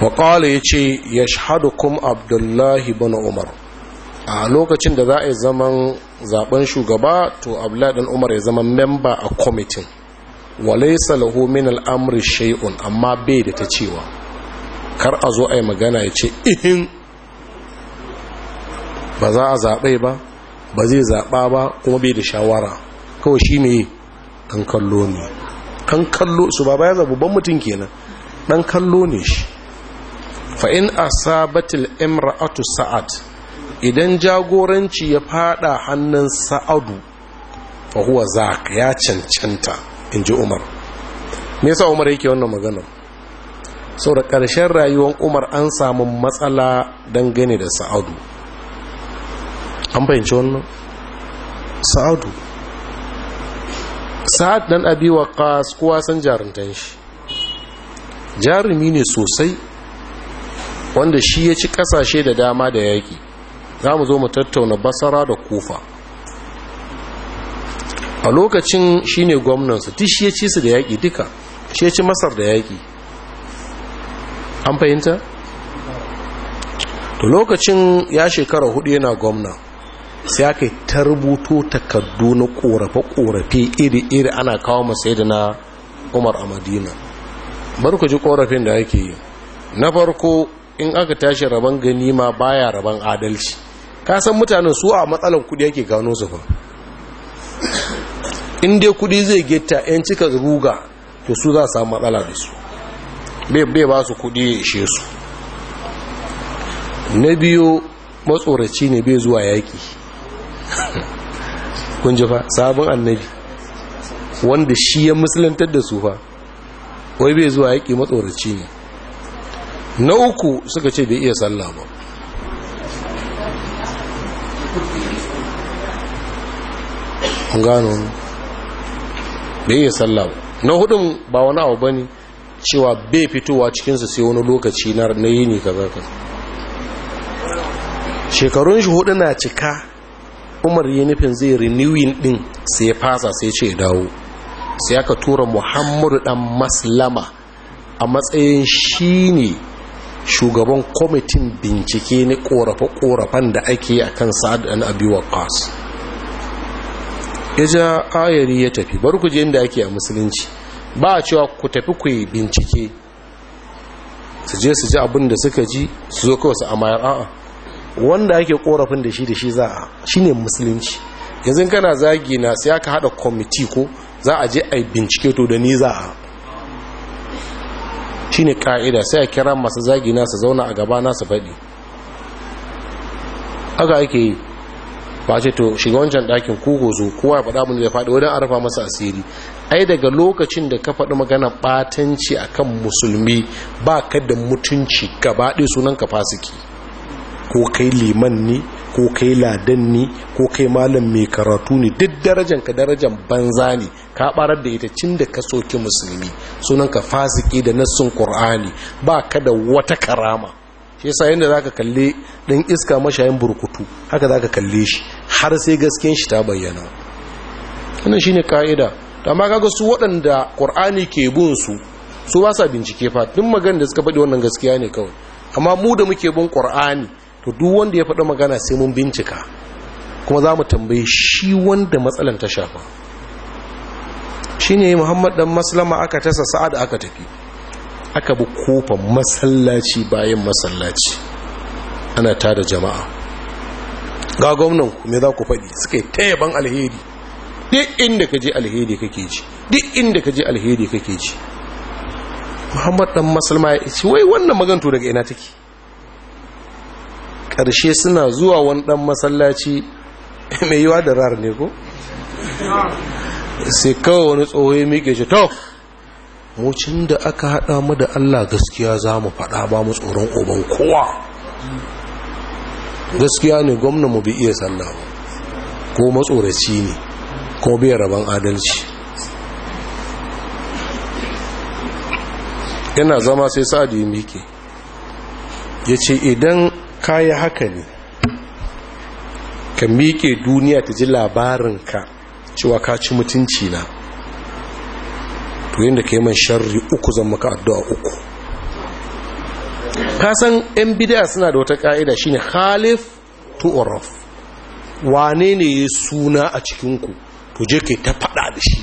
waƙala ya ce ya kuma abdullahi bana umar a lokacin da za a yi zaman zaben shugaba to abdullahi dan umar ya zama memba a kwamitin walaisa lahu min al'amri shay'un amma bai da ta cewa kar a zo a yi magana ya ce ihin ba za a zaɓe ba ba zai zaɓa ba kuma bai da shawara kawai shi ne ɗan kallo ne ɗan kallo su ba bayan ban mutum kenan ɗan kallo ne shi fa'in a sabatil imra'atu sa'ad idan jagoranci ya fada hannun sa'adu fa huwa zaka ya cancanta in ji umar me yasa umar yake wannan magana sau da ƙarshen rayuwar umar an samu matsala dangane da sa'adu an fahimci wannan sa'adu sa'ad dan abi waqas kowa san jaruntan shi jarumi ne sosai wanda shi ya ci ƙasashe da dama da yaƙi za mu zo mu tattauna basara da kufa a lokacin shi ne gwamnansu tishi ya ci su da yaƙi duka shi ya ci masar da yaƙi an fahimta? to lokacin ya shekara hudu yana gwamna sai aka yi tarbuto takardu na korafe-korafe iri-iri ana kawo masai da na umar a madina ku ji ƙorafin da ake yi na farko in aka tashi rabon ganima baya rabon adalci ka san mutanen su a matsalan kudi yake gano su fa in dai kudi zai getta yan cika ruga to su za samu matsala da su bai ba su kudi ya ishe su na biyu matsoraci ne bai zuwa yaki kun ji fa sabon annabi wanda shi ya musulantar da su fa wai bai zuwa yaki matsoraci ne na uku suka ce bai iya sallah ba an gano da iya sallah na hudun ba wani abu bane cewa bai fitowa cikinsa sai wani lokaci na yi ne ka zaka shekarun shi hudu na cika umar yi nufin zai renewing din sai ya fasa sai ce dawo sai aka tura muhammadu dan maslama a matsayin shi ne shugaban kwamitin bincike ne korafe-korafen da ake yi a kan sa'ad an abi waqas ya ja ayari ya tafi bar ku je inda ake a musulunci ba a cewa ku tafi ku yi bincike su je su ji abin da suka ji su zo kawai su amayar a'a wanda ake korafin da shi da shi za a shine musulunci yanzu kana zagi na sai aka hada kwamiti ko za a je a bincike to da ni za a ne ka'ida sai a kira masu zagi na su zauna a gaba na su faɗi haka ake yi ba ce to shiga wancan dakin ku gozo kowa ya faɗa mun da ya faɗi wajen arfa masa asiri ai daga lokacin da ka faɗi magana ɓatanci akan musulmi ba ka da mutunci gaba ɗaya sunan ka fasiki ko kai liman ne ko kai ladan ne ko kai malam mai karatu ne duk darajan ka darajan banza ne ka barar da ita cin da ka soki musulmi sunan ka fasiki da nassin qur'ani ba ka da wata karama shi yasa za zaka kalle dan iska mashayin burkutu haka zaka kalle shi har sai gaskiyan shi ta bayyana wannan shine kaida to amma kaga su waɗanda Qur'ani ke bin su su ba sa bincike fa duk maganar da suka faɗi wannan gaskiya ne kawai amma mu da muke bin Qur'ani to duk wanda ya faɗi magana sai mun bincika kuma za mu tambaye shi wanda matsalan ta shafa shine Muhammad dan Maslama aka tasa Sa'ad aka tafi aka bi kofa masallaci bayan masallaci ana tada jama'a ga gwamnan ku me za ku faɗi suka yi tayaban alheri duk inda ka je alheri kake ji duk inda ka je alheri kake ji muhammad dan masalma ya ce wai wannan maganto daga ina take ƙarshe suna zuwa wani dan masallaci mai yiwa da rar ne ko sai kawai wani tsohon mike shi to mucin da aka haɗa mu da Allah gaskiya za mu faɗa ba mu tsoron oban kowa gaskiya ne gwamna mu bi iya sallah ba ko matsoraci ne ko biyar rabon adalci yana zama sai sa'adu yi mike ya ce idan kayi haka ne ka mike duniya ta ji labarinka cewa ka ci mutunci na to yadda ka yi man sharri uku zan maka addu'a uku kasan yan bidiya suna da wata ka'ida shine khalif to orof wane ne ya suna a cikinku to je ka ta faɗa da shi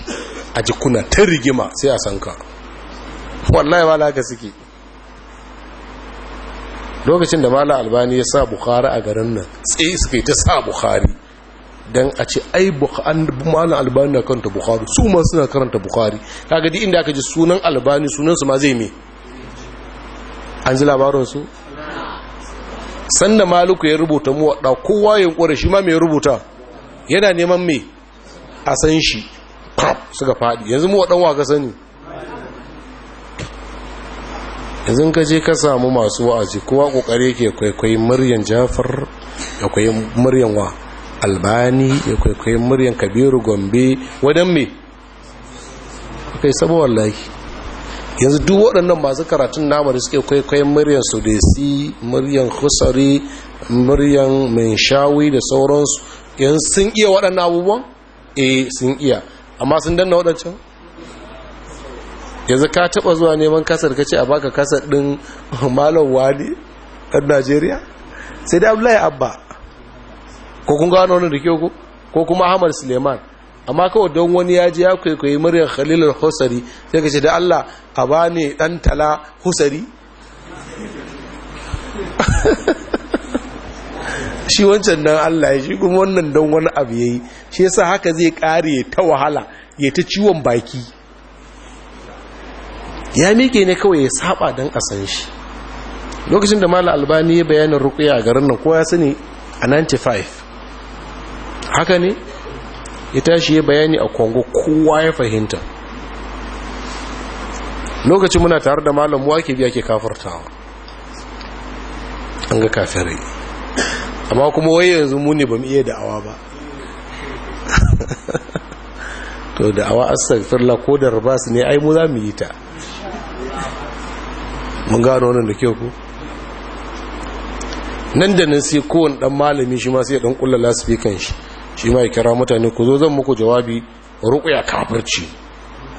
a jikuna ta rigima sai a san ka wallahi ba ka suke lokacin da mala albani ya sa bukhari a garin nan tsaye suke ta sa bukhari don a ce ai malam albani na karanta bukhari su ma suna karanta bukhari kaga duk inda aka ji sunan albani sunansu ma zai me an ji labaransu. sanda maluku ya rubuta mu wadda kowa ya kware shi ma mai rubuta yana neman me a san shi suka faɗi yanzu mu waɗan waka sani yanzu ka je ka samu masu wa'azi kowa ƙoƙari ke kwaikwai muryan jafar da kwaikwayi muryan wa albani ya kwaikwayi muryan kabiru gombe wadan me kai sabo wallahi yanzu duk waɗannan masu karatun namar suke kwaikwayin muryan sudesi muryan husari muryan minshawi da sauransu yan sun iya waɗannan abubuwan eh sun iya amma sun danna waɗancan yanzu ka taɓa zuwa neman kasar ka ce a baka kasar ɗin malam wani ɗan najeriya sai da abdullahi abba ko kun gano wani da ke ko kuma Ahmad Suleiman amma kawai don wani ya ji ya kwaikwayi muryar Khalil Husari sai ka ce da Allah a bani dan tala Husari shi wancan dan Allah ya shi kuma wannan don wani abu ya yi shi yasa haka zai kare ta wahala ya ta ciwon baki ya miƙe ne kawai ya saba dan a san shi lokacin da mala albani ya bayanin rukuya a garin nan kowa ya sani a 95 haka ne ya tashi ya bayani a kwango kowa ya fahimta lokacin muna tare da malam wake biya ke kafartawa an ga kafirai amma kuma wai yanzu muni ba mu iya da'awa ba to da'awa firla ko da rabas ne ai mu za mu yi ta mun gano wannan da kyau ku nan da nan sai kowane dan malami shi ma sai dan kullala speaker shi shi ma ya kira mutane ku zo zan muku jawabi rukuya kafirci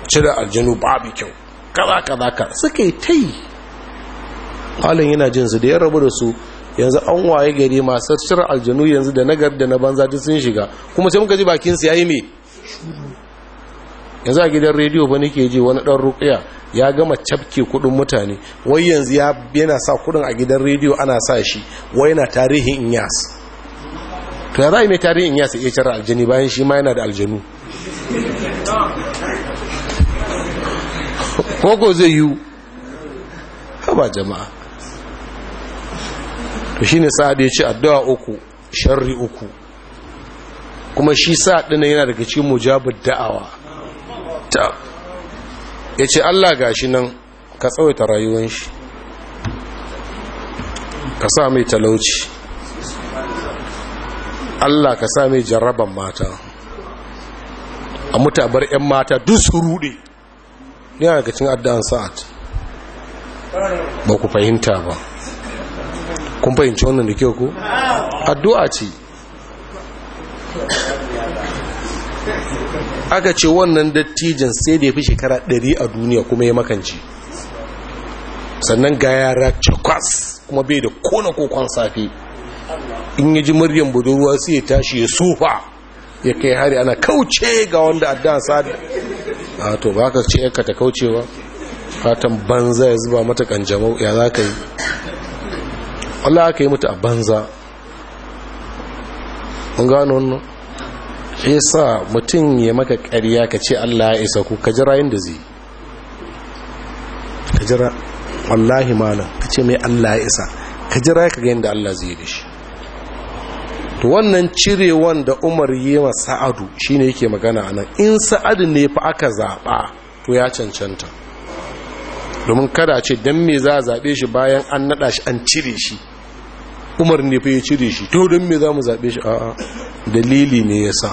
cire aljanu babu kyau kaza kaza ka suka ta yi halin yana jin su da ya rabu da su yanzu an waye gari masu cire aljanu yanzu da na gari da na banza duk sun shiga kuma sai muka ji bakin su yayi me yanzu a gidan rediyo ba nake ji wani dan rukuya ya gama cafke kudin mutane wai yanzu yana sa kudin a gidan rediyo ana sa shi wai na tarihin inyas to ya za mai tarihin ya sai cire aljani bayan shi ma yana da aljanu koko zai yi haba jama'a to shi ne sa'ad ya ce addu'a uku sharri uku kuma shi sa'ad na yana daga cikin mujabin da'awa ta ya ce allah ga shi nan ka tsawaita rayuwan shi ka sa mai talauci Allah ka sa mai jarraban mata a mutabar 'yan mata duk su rude ni daga cin addan sa'ad ba ku fahimta ba kun fahimci wannan da kyau ku addu'a ce aka ce wannan dattijan sai da ya fi shekara ɗari a duniya kuma ya makanci sannan ga yara cakwas kuma bai da kona kokon safe in ya ji muryan budurwa sai ya tashi ya sufa ya kai hari ana kauce ga wanda addan sa'ad a to ba ka ce yanka ta kauce ba fatan banza ya zuba mata kanjamau ya za ka yi Allah aka yi mutu a banza mun gano wannan Ya sa mutum ya maka ƙarya ka ce Allah ya isa ku ka jira yin da zai ka jira wallahi malam ka ce mai Allah ya isa ka jira ka ga Allah zai yi da shi to wannan cirewan da umar yi wa sa'adu shine yake magana nan in sa'adu ne fa aka zaɓa to ya cancanta domin kada ce don me za a zaɓe shi bayan an naɗa shi an cire shi umar ne fa ya cire shi to don me za mu zaɓe shi a'a dalili ne ya sa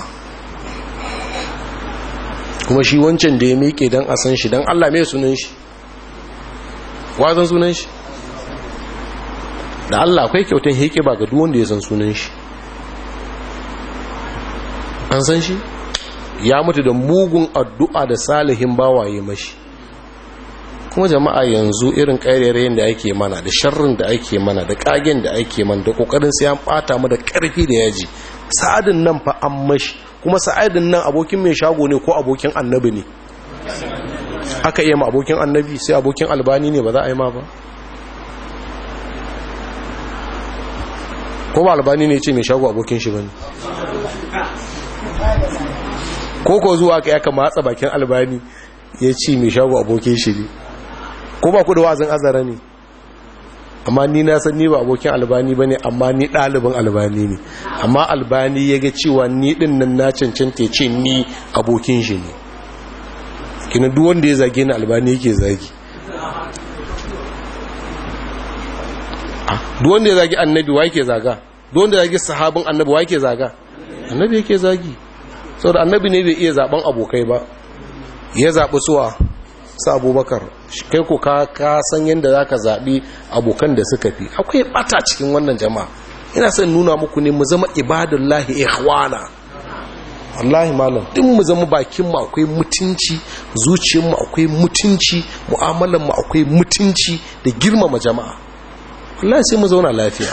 kuma shi wancan da ya miƙe don a san shi don allah mai sunan shi wazan sunan shi da allah akwai kyautan heke ba ga duwanda ya san sunan shi an san shi ya mutu da mugun addu'a da salihin bawaye mashi kuma jama'a yanzu irin ƙairerayen da ake mana da sharrin da ake mana da ƙagen da ake mana da ƙoƙarin sai an ɓata mu da ƙarfi da yaji sa'adin nan fa an mashi kuma sa'adin nan abokin mai shago ne ko abokin annabi ne aka iya ma abokin annabi sai abokin albani ne ba za a yi ma ba ko ba albani ne ce mai shago abokin shi ba ne ko ko zuwa ka yaka matsa bakin albani ya ci mai shago abokin shi ne ko ba ku da wazin azara ne amma ni na san ni ba abokin albani ba ne amma ni ɗalibin albani ne amma albani ya ga cewa ni ɗin nan na cancanta ce ni abokin shi ne kina duk da ya zage ni albani yake zagi ah, duk da ya zagi annabi wa yake zaga duk da ya zagi sahabin annabi wa yake zaga annabi yake zagi saboda annabi ne bai iya zaben abokai ba ya zaɓi suwa sa abubakar kai ko ka san yadda za ka zaɓi abokan da suka fi akwai ɓata cikin wannan jama'a ina son nuna muku ne mu zama ibadullahi ikhwana wallahi malam ɗin mu zama bakin mu akwai mutunci zuciyar mu akwai mutunci mu'amalar mu akwai mutunci da girmama jama'a wallahi sai mu zauna lafiya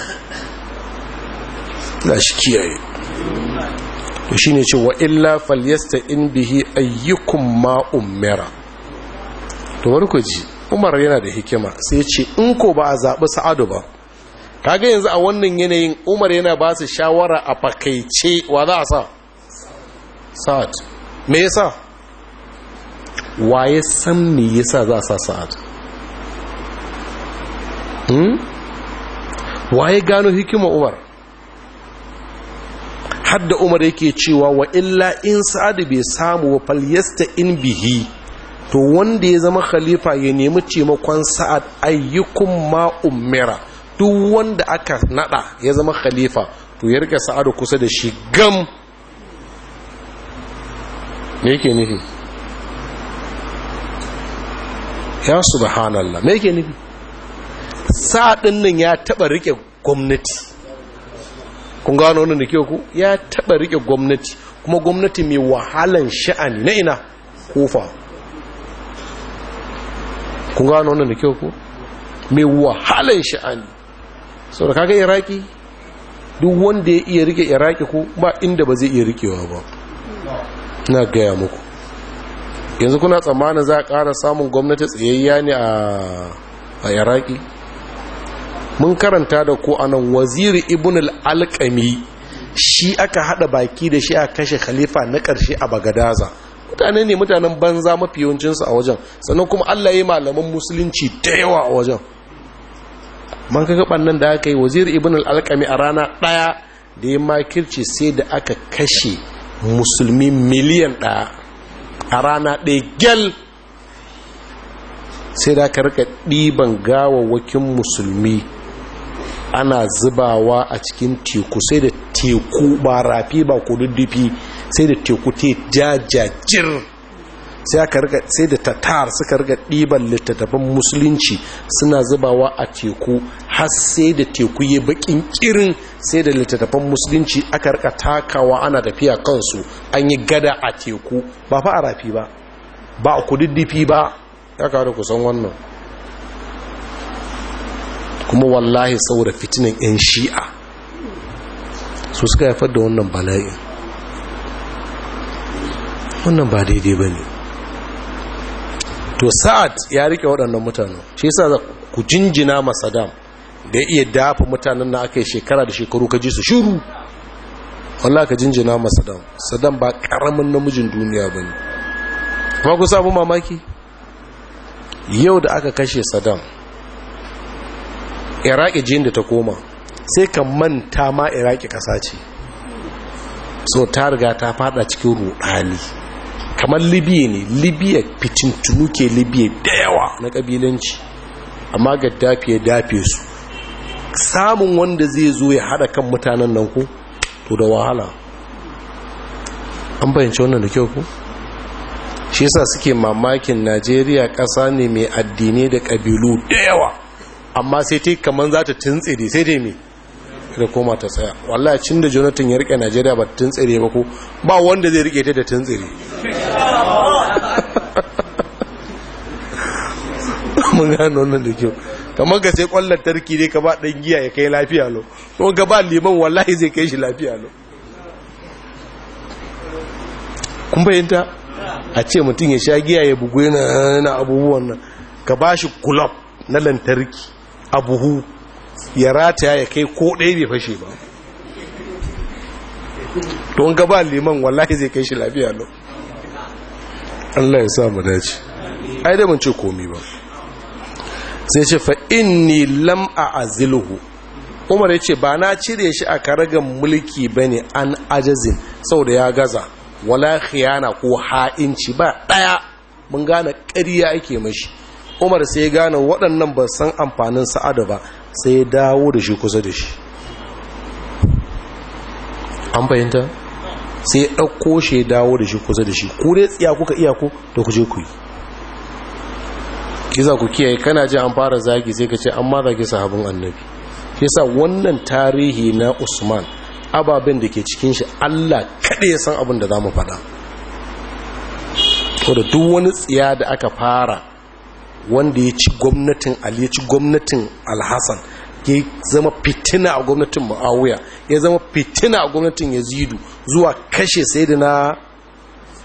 Na shi kiyaye to shine ce wa illa falyasta in bihi ayyukun ma ummira to wani ku ji umar yana da hikima sai ce in ko ba a zaɓi sa'adu ba kaga yanzu a wannan yanayin umar yana ba su shawara a fakaice wa za a sa sa'ad me yasa waye san me yasa za a sa sa'ad hmm? waye gano hikima umar hadda umar yake cewa wa illa in sa'adu bai samu wa falyasta in bihi to wanda ya zama khalifa ya nemi taimakon sa'ad ayyukun ma ummira duk wanda aka nada ya zama khalifa to ya rike sa'adu kusa da shi gam me yake nufi ya subhanallah me yake nufi sa'adin nan ya taba rike gwamnati kun gano wannan da ke ku ya taɓa riƙe gwamnati kuma gwamnati mai wahalan sha'ani na ina kofa kun gano wannan da ke ku mai wahalan sha'ani sau kaga iraki duk wanda ya iya riƙe iraki ko ba inda ba zai iya rikewa ba na gaya muku yanzu kuna tsammanin za a ƙara samun gwamnati tsayayya ne a iraki mun karanta da ko anan waziri ibn al-alqami shi aka hada baki da shi a kashe khalifa na karshe a bagadaza mutane ne mutanen banza mafi yawancin su a wajen sannan kuma Allah ya yi malaman musulunci da yawa a wajen man kaga bannan da aka yi waziri ibn al-alqami a rana daya da ya makirci sai da aka kashe musulmi miliyan daya a rana daya gyal sai da aka rika ɗiban gawawwakin musulmi ana zubawa a cikin teku sai da teku ba rafi ba kududdufi sai da teku te jajajir sai da tatar suka riga ɗiban littattafan musulunci suna zubawa a teku har sai da teku ya bakin kirin sai da littattafan musulunci aka rika takawa ana tafiya kansu an yi gada a teku ba fa a rafi ba ba a ba ya kawo da kusan wannan kuma wallahi saboda fitinan 'yan shi'a su suka haifar da wannan bala'in wannan ba daidai ba ne to sa'ad ya rike waɗannan mutanen shi za ku jinjina ma dam da iya dafa mutanen na aka yi shekara da shekaru ka ji su shiru. wallah ka jinjina ma dam Sadan ba ƙaramin namijin duniya ba ne ba ku samu mamaki yau da aka kashe sadan. iraki jin da ta koma sai ka manta ma iraki ƙasa ce so ta riga ta fada cikin rudani kamar libya ne libya fitintunu ke libya da yawa na kabilanci amma ga dafiye dafe su samun wanda zai zo ya hada kan mutanen nan ku to da wahala an bayyance wannan da kyau ku shi yasa suke mamakin najeriya ƙasa ne mai addinai da ƙabilu da yawa amma sai ta kamar za ta tuntsire sai dai mai da koma ta tsaya wallahi cin da jonathan ya rike najeriya ba tuntsire ba ko ba wanda zai rike ta da tuntsire mun gano nan da kyau kamar ka sai kwallon tarki ne ka ba ɗan giya ya kai lafiya lo kuma ka ba liman wallahi zai kai shi lafiya lo kun fahimta a ce mutum ya sha giya ya bugu yana abubuwan nan ka ba shi kulob na lantarki a buhu ya rataya ya kai ko ɗaya bai fashe ba don gaba liman wallahi zai kai shi lafiya lo Allah ya samu dace ai da mun ce komi ba sai ce fa inni lam a'ziluhu Umar yace ce ba na cire shi a karagan mulki bane an ajazin saboda ya gaza wala khiyana ko ha'inci ba daya mun gane ƙarya ake mashi umar sai ya gane waɗannan ba san amfanin sa'adu ba sai ya dawo da shi kusa da shi an fahimta sai ya ɗauko shi ya dawo da shi kusa da shi ku dai tsiya kuka iya ku da ku je ku yi kiza ku kiyaye kana ji an fara zagi sai ka ce an mara zagi sahabin annabi yasa wannan tarihi na usman ababen da ke cikin shi allah kaɗai ya san abin da za mu faɗa da duk wani tsiya da aka fara wanda ya ci gwamnatin ali ya ci gwamnatin alhassan ya zama fitina a gwamnatin ma'awuya ya zama fitina a gwamnatin yazidu zuwa kashe na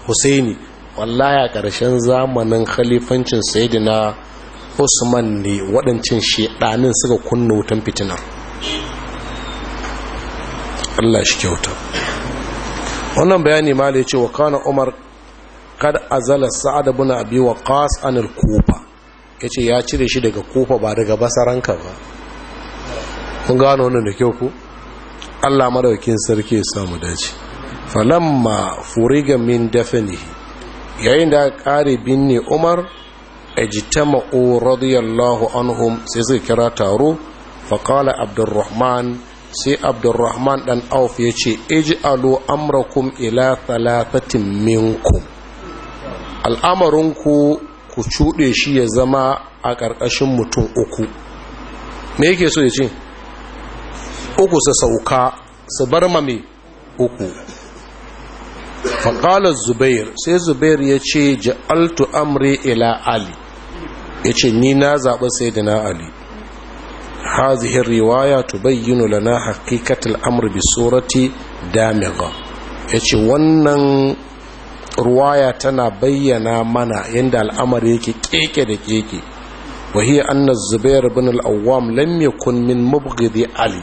husaini wallaya ƙarshen zamanin khalifancin na usman ne waɗancan shaɗanin suka kunna wutan fitina. allah shi kyauta wannan bayani ma da ya ce wa kana umar kad azala sa'ad ibn abi waqas an al-kufa ya ce ya cire shi daga kofa ba daga basaranka ba kun gano wannan da kyau ku allah madaukin sarki ya samu dace falamma furiga min dafanihi yayin da kare binne umar ma'o radiyallahu anhum sai zai kira taro faƙala qala abdurrahman sai abdurrahman ɗan auf yace alo amrakum ila thalathatin minku al'amarinku ku cuɗe shi ya zama a ƙarƙashin mutum uku me yake so ya ce uku su sauka su bar mame uku faƙalar zubair sai zubair ya ce ja'altu amri ila ali ya ce ni na zaɓi sai da na ali Ha hazihin riwaya bayyano lana na amri bi surati damiga ya ce wannan ruwaya tana bayyana mana yadda al'amari yake keke da keke wahi anna zubair bin al-awwam lam yakun min mubghidi ali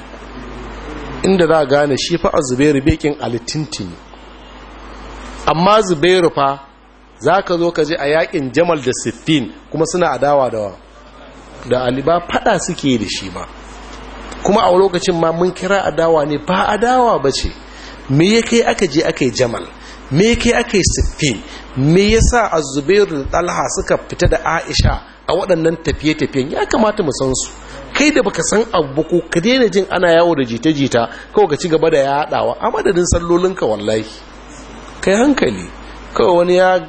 inda za gane shi fa zubair bekin ali tintini amma zubair fa zaka zo ka je a yakin jamal da siffin kuma suna adawa da wa? da ali ba fada suke da shi ba kuma a lokacin ma mun kira adawa ne ba adawa bace me yake aka je aka yi jamal me kai ake siffin me yasa a zubairu da talha suka fita da aisha a waɗannan tafiye-tafiyen ya kamata mu san su kai da baka san abu ko ka daina jin ana yawo da jita-jita kawai ka ci gaba da haɗawa a madadin ka wallahi kai hankali kawai wani ya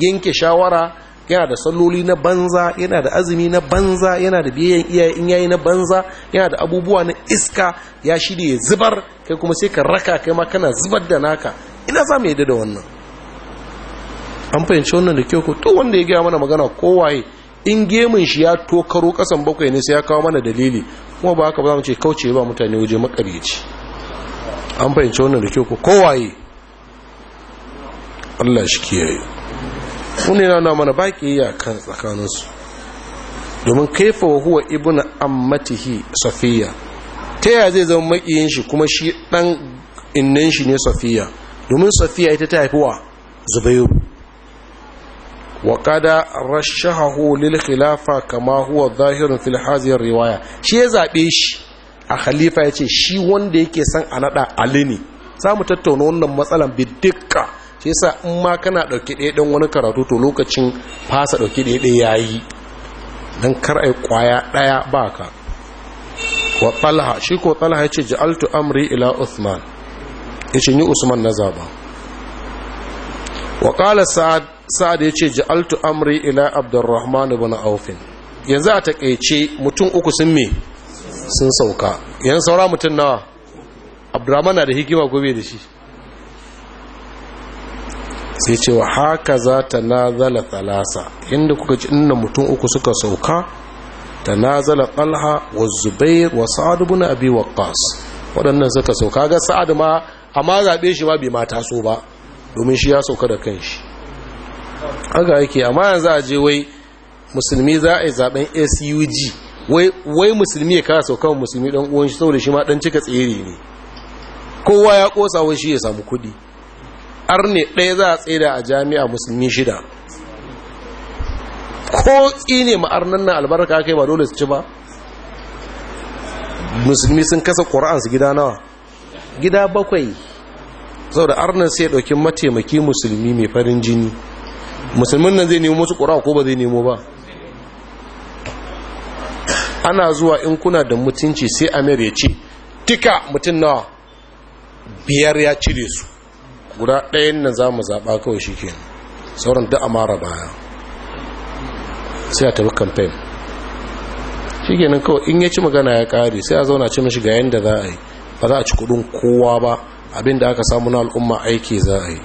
yanke shawara yana da salloli na banza yana da azumi na banza yana da biyayyen iyaye yayi na banza yana da abubuwa na iska ya shirye zubar kai kuma sai ka raka kai ma kana zubar da naka ina za mu yadda da wannan an fahimci wannan da kyau ko to wanda ya gaya mana magana kowaye in gemun shi ya tokaro kasan bakwai ne sai ya kawo mana dalili kuma ba haka ba mu ce kauce ba mutane waje makaryaci an fahimci wannan da kyau ko kowaye Allah shi kiyaye wani yana na mana baki ya kan tsakaninsu domin kaifa wa huwa ibnu ammatihi safiya ta yaya zai zama makiyin shi kuma shi dan innan shi ne safiya domin safiya ita ta haifuwa zubairu wa kada rashahahu lil khilafa kama huwa zahirun fil hadhihi riwaya shi ya zaɓe shi a khalifa yace shi wanda yake son a naɗa ali ne za mu tattauna wannan matsalan bi dukka shi yasa in ma kana ɗauke ɗaya ɗan wani karatu to lokacin fasa ɗauke ɗaya ɗaya yayi yi kar ai ƙwaya ɗaya baka wa talha shi ko talha ya ja'altu amri ila uthman ya ce ni usman na zaba. wa ƙala sa'ad ya ce ja'altu amri ila abdurrahman ibn aufin yanzu a taƙaice mutum uku sun me sun sauka yan saura mutum nawa abdurrahman na da hikima gobe da shi sai ce wa haka za ta nazala thalasa inda kuka ji inda mutum uku suka sauka ta nazala talha wa zubair wa sa'ad ibn abi waqqas waɗannan suka sauka ga sa'ad ma amma zaɓe shi ma bai mata so ba domin shi ya sauka da kanshi haka yake amma yanzu a je wai musulmi za a yi zaɓen sug wai musulmi ya kasa saukan musulmi ɗan uwan shi saboda shi ma ɗan cika tsere ne kowa ya ƙosa wai shi ya samu kuɗi arne ɗaya za a tsere a jami'a musulmi shida ko tsine ma'arnan nan albarka kai ba dole su ci ba musulmi sun kasa ƙura'ansu gida nawa gida bakwai da arnan sai ɗauki mataimaki musulmi mai farin jini musulmin nan zai nemo su ƙura ko ba zai nemo ba ana zuwa in kuna da mutunci sai amir ya ce tika mutum nawa biyar ya cire su guda ɗayan nan za mu zaɓa kawai shi ke sauran da amara baya sai a tabi kamfen shi kenan kawai in ya ci magana ya ƙare sai a zauna ce mashi ga yadda za a yi ba za a ci kuɗin kowa ba abin da aka samu na al'umma aiki za a yi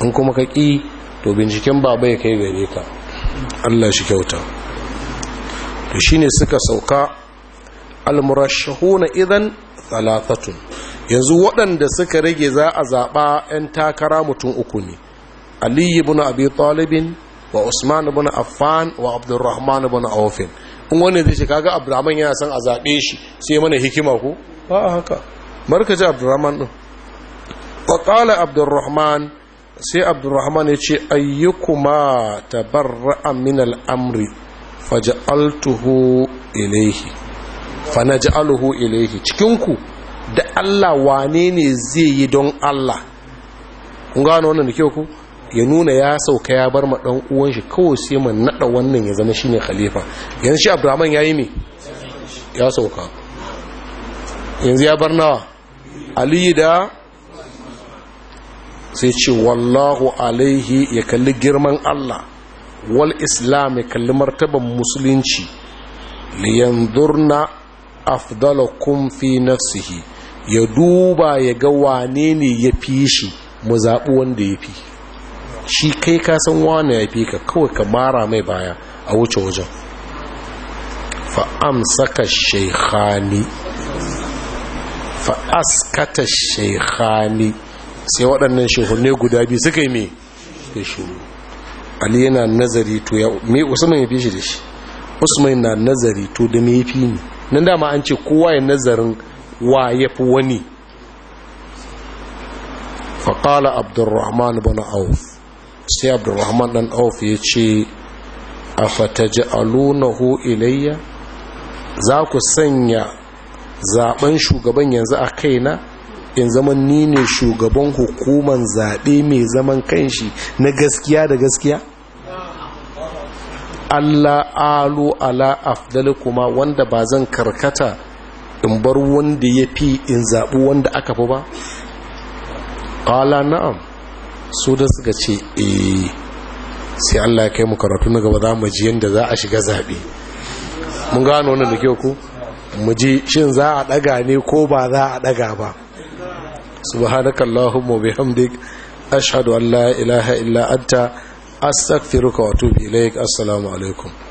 in kuma ka ƙi to binciken baba ya kai gare ka allah shi kyauta to shi ne suka sauka almurashahuna idan talatatun yanzu waɗanda suka rage za a zaɓa 'yan takara mutum uku ne aliyu bin abi talibin wa usman bin affan wa abdurrahman bin aufin in wani zai ce ga abdurrahman yana son a zaɓe shi sai mana hikima ku? ba haka markaji abdurrahman ɗin wa qala abdurrahman sai abdurrahman ya ce ayyukuma tabarra'a min al'amri faj'altuhu ilayhi fanaj'aluhu ilayhi cikin ku da Allah wane ne zai yi don Allah kun gano wannan da kyau ku ya nuna ya sauka ya bar ma dan uwan shi kawai sai mu naɗa wannan ya zama shine khalifa yanzu shi abdurrahman yi me ya sauka yanzu ya bar nawa aliyu da sai ce wallahu alaihi ya kalli girman Allah wal islam ya kalli martaban musulunci liyanzurna afdalakum fi nafsihi ya duba ya ga wane ne ya fi shi mu zaɓi wanda ya fi shi kai ka san wane ya fi ka kawai ka mara mai baya a wuce wajen fa'amsaka shaikhani fa'askata shaikhani sai waɗannan shehunne guda biyu suka yi mai da shiru ali yana nazari to ya mai usman ya fi shi da shi usman na nazari to da mai fi ne nan dama an ce kowa ya nazarin wa ya fi wani faƙala abdurrahman bin auf sai abdurrahman dan auf ya ce a fataji alunahu ilayya za ku sanya zaben shugaban yanzu a kaina yan zaman ni ne shugaban hukuman zaɓe mai zaman kanshi na gaskiya da gaskiya Allah alu ala afdali kuma wanda ba zan karkata in bar wanda ya fi in zaɓi wanda aka fi ba ƙala na'am su da suka ce e, sai Allah ya kai mu karatu na gaba za mu ji yadda za a shiga zaɓe mun gano wani da kyau ku mu ji shin za a ɗaga ne ko ba za a ɗaga ba subhanakallahumma bihamdik ashhadu an ilaha illa anta astaghfiruka wa atubu assalamu alaikum